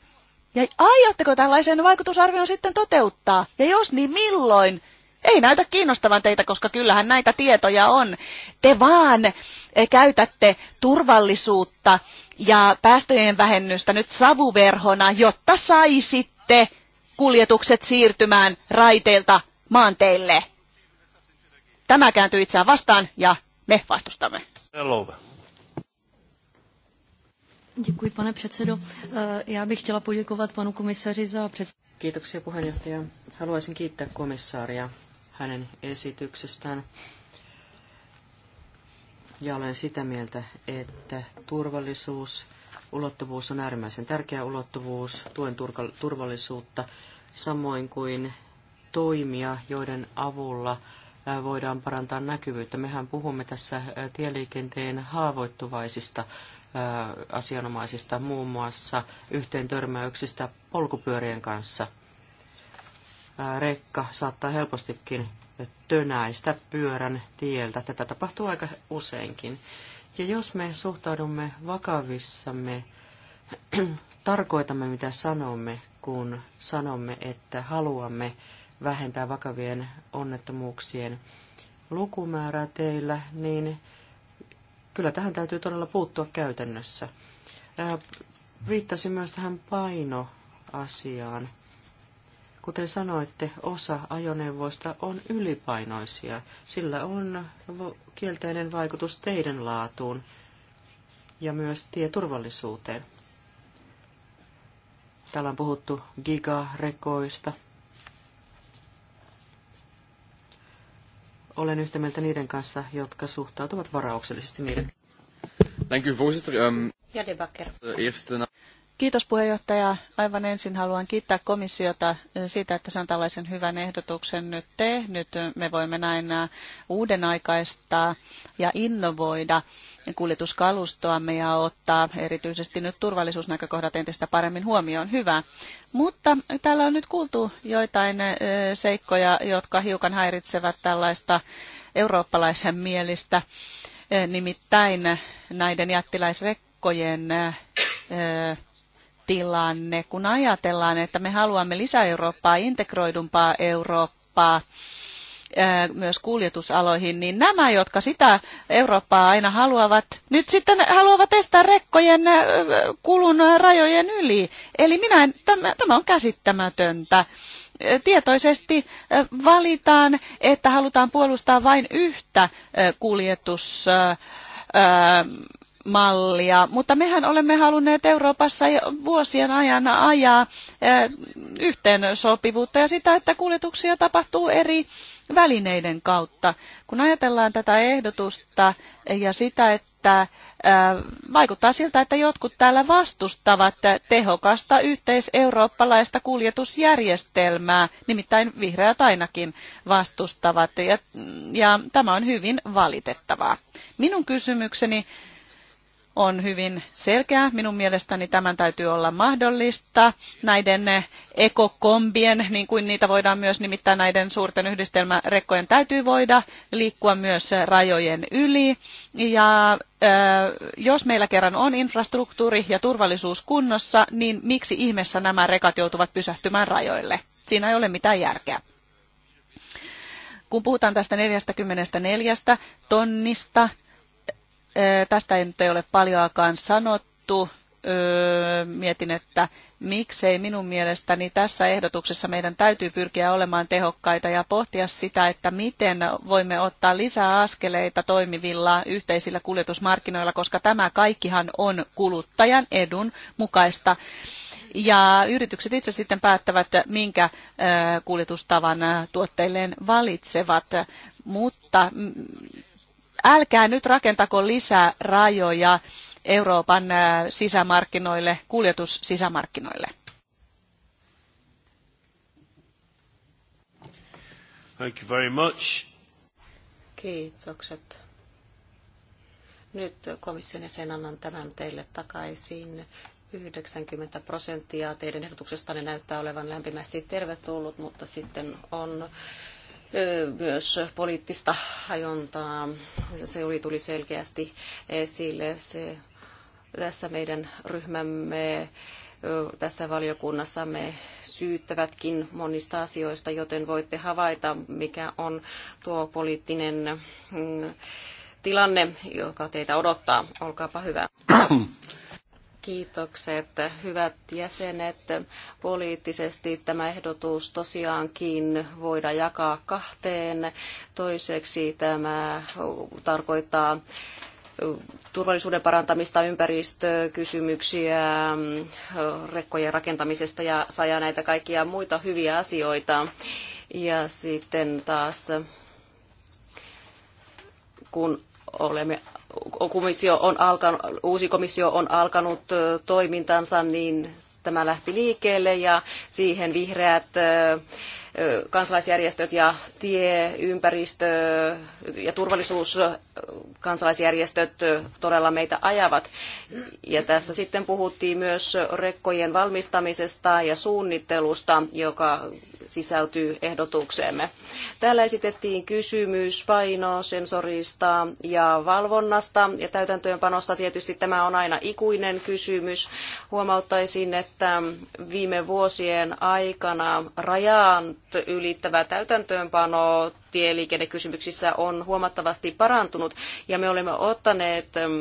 Speaker 2: Ja aiotteko tällaisen vaikutusarvion sitten toteuttaa? Ja jos niin, milloin? Ei näytä kiinnostavan teitä, koska kyllähän näitä tietoja on. Te vaan eh, käytätte turvallisuutta ja päästöjen vähennystä nyt savuverhona, jotta saisitte kuljetukset siirtymään raiteilta maanteille. Tämä kääntyy itseään vastaan ja me vastustamme.
Speaker 1: Hello. Děkuji, pane předsedo. Eh, já bych chtěla poděkovat panu komisaři za Kiitoksia puheenjohtaja. Haluaisin kiittää komissaaria hänen esityksestään. Ja olen sitä mieltä, että turvallisuus, ulottuvuus on äärimmäisen tärkeä ulottuvuus, tuen turvallisuutta, samoin kuin toimia, joiden avulla eh, voidaan parantaa näkyvyyttä. Mehän puhumme tässä eh, tieliikenteen haavoittuvaisista asianomaisista muun muassa yhteen törmäyksistä polkupyörien kanssa. Rekka saattaa helpostikin tönäistä pyörän tieltä. Tätä tapahtuu aika useinkin. Ja jos me suhtaudumme vakavissamme, tarkoitamme mitä sanomme, kun sanomme, että haluamme vähentää vakavien onnettomuuksien lukumäärää teillä, niin Kyllä tähän täytyy todella puuttua käytännössä. Äh, Viittasin myös tähän painoasiaan. Kuten sanoitte, osa ajoneuvoista on ylipainoisia. Sillä on kielteinen vaikutus teiden laatuun ja myös tieturvallisuuteen. Täällä on puhuttu gigarekoista – olen yhtä mieltä niiden kanssa, jotka suhtautuvat varauksellisesti niiden. voorzitter. Um,
Speaker 2: ja, de Bakker. Kiitos puheenjohtaja. Aivan ensin haluan kiittää komissiota eh, siitä, että se on tällaisen hyvän ehdotuksen nyt tehnyt. Me voimme näin eh, uuden ja innovoida kuljetuskalustoamme ja ottaa erityisesti nyt turvallisuusnäkökohdat entistä paremmin huomioon. Hyvä. Mutta täällä on nyt kuultu joitain eh, seikkoja, jotka hiukan häiritsevät tällaista eurooppalaisen mielistä, nimittäin näiden jättiläisrekkojen tilanne, kun ajatellaan, että me haluamme lisää Eurooppaa, integroidumpaa Eurooppaa, myös kuljetusaloihin, niin nämä, jotka sitä Eurooppaa aina haluavat, nyt sitten haluavat estää rekkojen kulun rajojen yli. Eli minä en, tämä, tämä on käsittämätöntä. Tietoisesti valitaan, että halutaan puolustaa vain yhtä kuljetus mallia, mutta mehän olemme halunneet Euroopassa jo vuosien ajan ajaa eh, yhteen sopivuutta ja sitä, että kuljetuksia tapahtuu eri välineiden kautta. Kun ajatellaan tätä ehdotusta ja sitä, että eh, vaikuttaa siltä, että jotkut täällä vastustavat tehokasta yhteiseurooppalaista kuljetusjärjestelmää, nimittäin vihreät ainakin vastustavat, ja, ja tämä on hyvin valitettavaa. Minun kysymykseni on hyvin selkeä. Minun mielestäni tämän täytyy olla mahdollista. Näiden eh, ekokombien, niin kuin niitä voidaan myös nimittää näiden suurten yhdistelmärekkojen, täytyy voida liikkua myös eh, rajojen yli. Ja eh, jos meillä kerran on infrastruktuuri ja turvallisuus kunnossa, niin miksi ihmeessä nämä rekat joutuvat pysähtymään rajoille? Siinä ei ole mitään järkeä kun puhutaan tästä 44 tonnista, Tästä ei nyt ole paljoakaan sanottu. Mietin, että miksei minun mielestäni tässä ehdotuksessa meidän täytyy pyrkiä olemaan tehokkaita ja pohtia sitä, että miten voimme ottaa lisää askeleita toimivilla yhteisillä kuljetusmarkkinoilla, koska tämä kaikkihan on kuluttajan edun mukaista. Ja yritykset itse sitten päättävät, minkä kuljetustavan tuotteilleen valitsevat, mutta mm, älkää nyt rakentako lisää rajoja Euroopan äh, sisämarkkinoille, kuljetussisämarkkinoille.
Speaker 1: Thank you very much.
Speaker 3: Kiitokset. Nyt komission sen annan tämän teille takaisin. 90 prosenttia teidän ehdotuksestanne näyttää olevan lämpimästi tervetullut, mutta sitten on myös poliittista hajontaa. Se oli, tuli selkeästi esille. Se, tässä meidän ryhmämme tässä valiokunnassa me syyttävätkin monista asioista, joten voitte havaita, mikä on tuo poliittinen mm, tilanne, joka teitä odottaa. Olkaapa hyvä. Kiitokset, hyvät jäsenet. Poliittisesti tämä ehdotus tosiaankin voidaan jakaa kahteen. Toiseksi tämä tarkoittaa turvallisuuden parantamista, ympäristökysymyksiä, rekkojen rakentamisesta ja saa näitä kaikkia muita hyviä asioita. Ja sitten taas kun olemme komissio on alkanut, uusi komissio on alkanut toimintansa, niin tämä lähti liikkeelle ja siihen vihreät kansalaisjärjestöt ja tie, ympäristö ja turvallisuus kansalaisjärjestöt todella meitä ajavat. Ja tässä sitten puhuttiin myös rekkojen valmistamisesta ja suunnittelusta, joka sisältyy ehdotukseemme. Täällä esitettiin kysymys painosensorista ja valvonnasta ja täytäntöönpanosta. Tietysti tämä on aina ikuinen kysymys. Huomauttaisin, että viime vuosien aikana rajaan ylittävä täytäntöönpano tieliikennekysymyksissä on huomattavasti parantunut ja me olemme ottaneet ähm,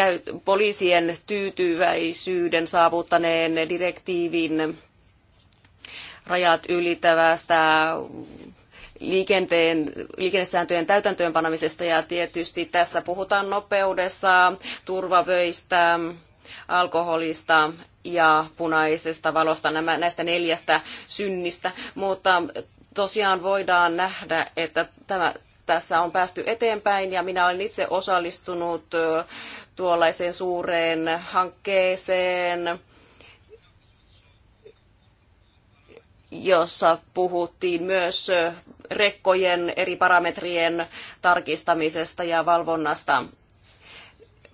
Speaker 3: äh, poliisien tyytyväisyyden saavuttaneen direktiivin rajat ylittävästä liikenteen, liikennesääntöjen täytäntöönpanamisesta ja tietysti tässä puhutaan nopeudesta, turvavöistä, alkoholista ja punaisesta valosta, nämä, näistä neljästä synnistä, mutta tosiaan voidaan nähdä, että tämä, tässä on päästy eteenpäin ja minä olen itse osallistunut tuollaiseen suureen hankkeeseen, jossa puhuttiin myös rekkojen eri parametrien tarkistamisesta ja valvonnasta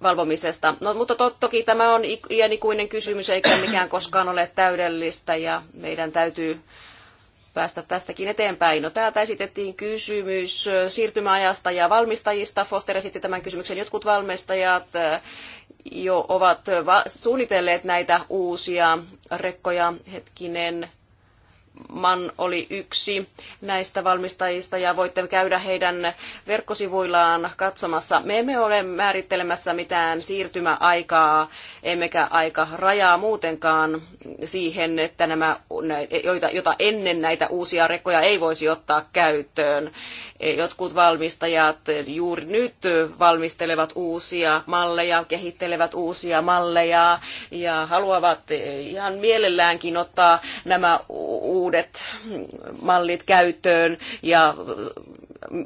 Speaker 3: valvomisesta. No, mutta to, toki tämä on iänikuinen kysymys, eikä mikään koskaan ole täydellistä ja meidän täytyy päästä tästäkin eteenpäin. No, täältä esitettiin kysymys siirtymäajasta ja valmistajista. Foster esitti tämän kysymyksen. Jotkut valmistajat jo ovat suunnitelleet näitä uusia rekkoja. Hetkinen, Man oli yksi näistä valmistajista ja voitte käydä heidän verkkosivuillaan katsomassa. Me emme ole määrittelemässä mitään siirtymäaikaa emmekä aika rajaa muutenkaan siihen, että nämä, joita, jota ennen näitä uusia rekkoja ei voisi ottaa käyttöön. Jotkut valmistajat juuri nyt valmistelevat uusia malleja, kehittelevät uusia malleja ja haluavat ihan mielelläänkin ottaa nämä uudet mallit käyttöön ja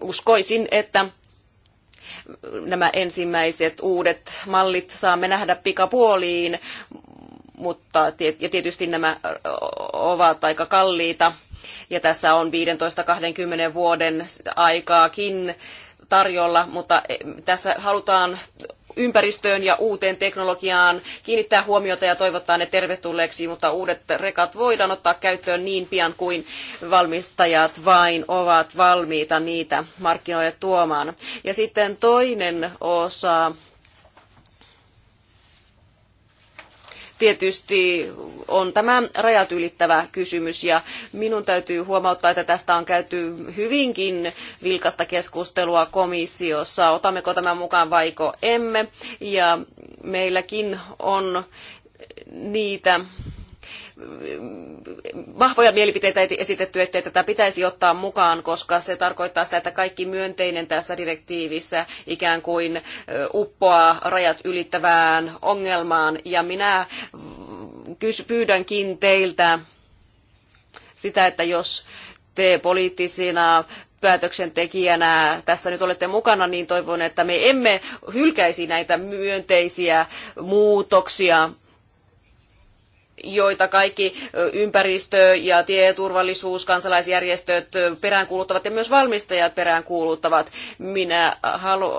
Speaker 3: uskoisin, että nämä ensimmäiset uudet mallit saamme nähdä pikapuoliin, mutta ja tietysti nämä ovat aika kalliita. Ja tässä on 15-20 vuoden aikaakin tarjolla, mutta e, tässä halutaan ympäristöön ja uuteen teknologiaan kiinnittää huomiota ja toivottaa ne tervetulleeksi, mutta uudet rekat voidaan ottaa käyttöön niin pian kuin valmistajat vain ovat valmiita niitä markkinoille tuomaan. Ja sitten toinen osa tietysti on tämä rajat ylittävä kysymys ja minun täytyy huomauttaa, että tästä on käyty hyvinkin vilkasta keskustelua komissiossa, otammeko tämän mukaan vaiko emme. Ja meilläkin on niitä vahvoja mielipiteitä esitetty, ettei tätä pitäisi ottaa mukaan, koska se tarkoittaa sitä, että kaikki myönteinen tässä direktiivissä ikään kuin uppoaa rajat ylittävään ongelmaan. Ja minä pyydänkin teiltä sitä, että jos te poliittisina päätöksentekijänä tässä nyt olette mukana, niin toivon, että me emme hylkäisi näitä myönteisiä muutoksia joita kaikki ympäristö- ja tieturvallisuus, kansalaisjärjestöt peräänkuuluttavat ja myös valmistajat peräänkuuluttavat. Minä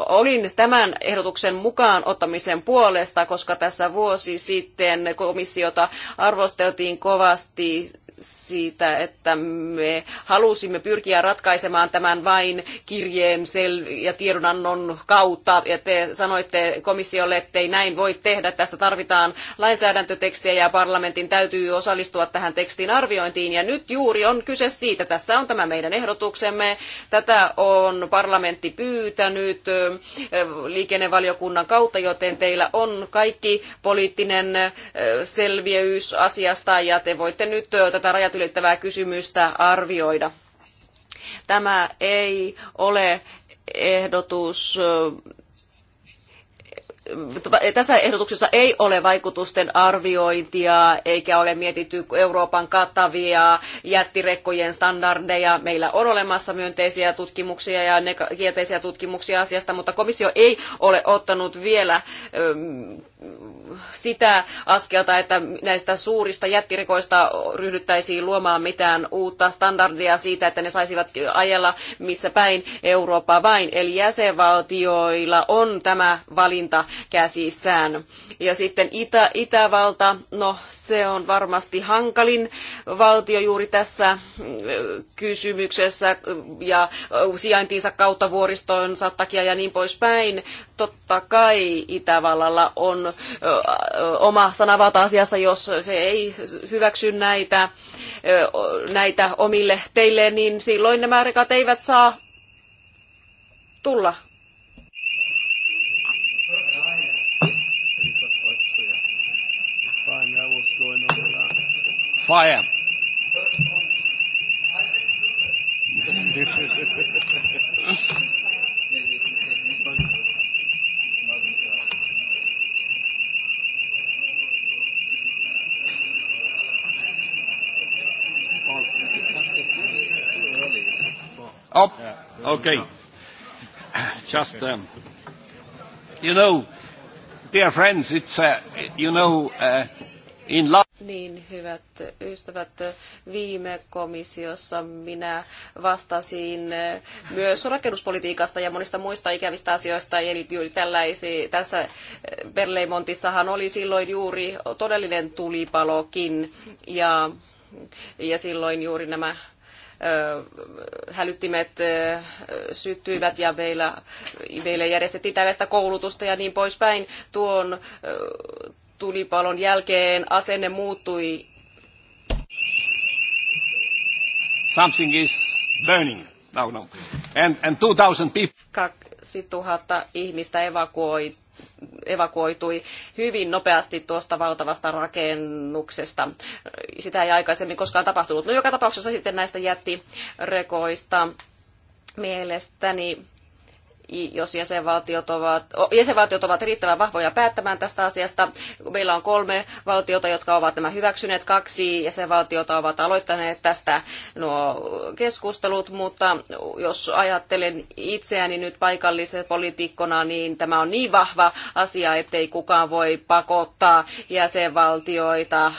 Speaker 3: olin tämän ehdotuksen mukaan ottamisen puolesta, koska tässä vuosi sitten komissiota arvosteltiin kovasti siitä, että me halusimme pyrkiä ratkaisemaan tämän vain kirjeen ja tiedonannon kautta. Ja te sanoitte komissiolle, ei näin voi tehdä. Tästä tarvitaan lainsäädäntötekstiä ja parlamentin täytyy osallistua tähän tekstin arviointiin. Ja nyt juuri on kyse siitä. Tässä on tämä meidän ehdotuksemme. Tätä on parlamentti pyytänyt liikennevaliokunnan kautta, joten teillä on kaikki poliittinen selviys asiasta ja te voitte nyt tätä tätä rajat ylittävää kysymystä arvioida. Tämä ei ole ehdotus tässä ehdotuksessa ei ole vaikutusten arviointia, eikä ole mietitty Euroopan kattavia jättirekkojen standardeja. Meillä on olemassa myönteisiä tutkimuksia ja kielteisiä tutkimuksia asiasta, mutta komissio ei ole ottanut vielä ähm, sitä askelta, että näistä suurista jättirikoista ryhdyttäisiin luomaan mitään uutta standardia siitä, että ne saisivat ajella missä päin Eurooppaa vain. Eli jäsenvaltioilla on tämä valinta käsissään. Ja sitten Itä, Itävalta, no se on varmasti hankalin valtio juuri tässä äh, kysymyksessä äh, ja äh, sijaintiinsa kautta vuoristoonsa takia ja niin poispäin. Totta kai Itävallalla on oma sanavalta asiassa, jos se ei hyväksy näitä, näitä omille teille, niin silloin nämä rekat eivät saa tulla
Speaker 1: fire.
Speaker 2: Oh, Okay. Just, um, you know, dear friends, it's, uh, you know, uh, In la-
Speaker 3: niin, hyvät ystävät, viime komissiossa minä vastasin myös rakennuspolitiikasta ja monista muista ikävistä asioista, eli juuri tällaisi, tässä Berleimontissahan oli silloin juuri todellinen tulipalokin, ja, ja silloin juuri nämä hälyttimet syttyivät ja meillä, meillä järjestettiin tällaista koulutusta ja niin poispäin tuon tulipalon jälkeen asenne muuttui.
Speaker 2: Something is burning. No, no. And, and 2000 people.
Speaker 3: 2000 ihmistä evakuoi, evakuoitui hyvin nopeasti tuosta valtavasta rakennuksesta. Sitä ei aikaisemmin koskaan tapahtunut. No joka tapauksessa sitten näistä jättirekoista mielestäni jos jäsenvaltiot ovat, jäsenvaltiot ovat riittävän vahvoja päättämään tästä asiasta. Meillä on kolme valtiota, jotka ovat nämä hyväksyneet, kaksi jäsenvaltiota ovat aloittaneet tästä nuo keskustelut, mutta jos ajattelen itseäni nyt paikallisena poliitikkona, niin tämä on niin vahva asia, ettei kukaan voi pakottaa jäsenvaltioita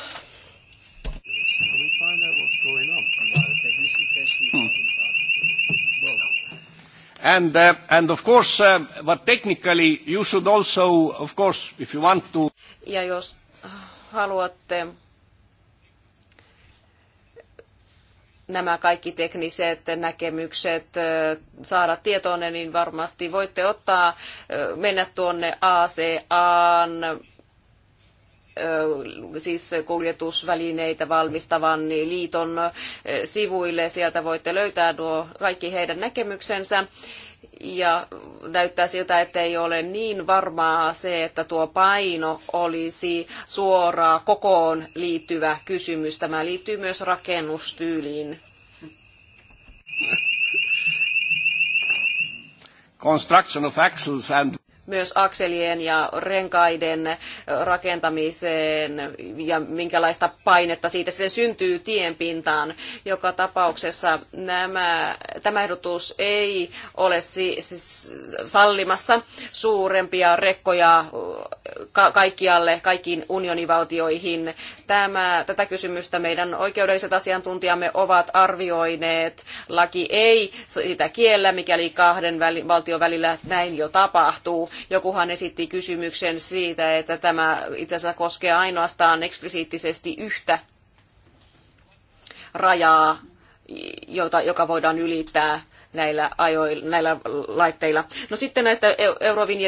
Speaker 2: And, uh, and of course, uh, but technically you should also, of course, if you want to...
Speaker 3: Ja jos haluatte nämä kaikki tekniset näkemykset saada tietoonne, niin varmasti voitte ottaa, mennä tuonne ACAan siis kuljetusvälineitä valmistavan liiton sivuille. Sieltä voitte löytää nuo kaikki heidän näkemyksensä ja näyttää siltä, että ei ole niin varmaa se, että tuo paino olisi suoraa kokoon liittyvä kysymys. Tämä liittyy myös rakennustyyliin.
Speaker 2: Construction of axles and
Speaker 3: myös akselien ja renkaiden rakentamiseen ja minkälaista painetta siitä sitten syntyy tienpintaan. Joka tapauksessa nämä, tämä ehdotus ei ole siis sallimassa suurempia rekkoja ka- kaikkialle, kaikkiin unionivaltioihin. Tämä, tätä kysymystä meidän oikeudelliset asiantuntijamme ovat arvioineet. Laki ei sitä kiellä, mikäli kahden väli, valtion välillä näin jo tapahtuu. Jokuhan esitti kysymyksen siitä, että tämä itse asiassa koskee ainoastaan eksplisiittisesti yhtä rajaa, jota, joka voidaan ylittää näillä, ajoilla, näillä laitteilla. No sitten näistä Eurovinjet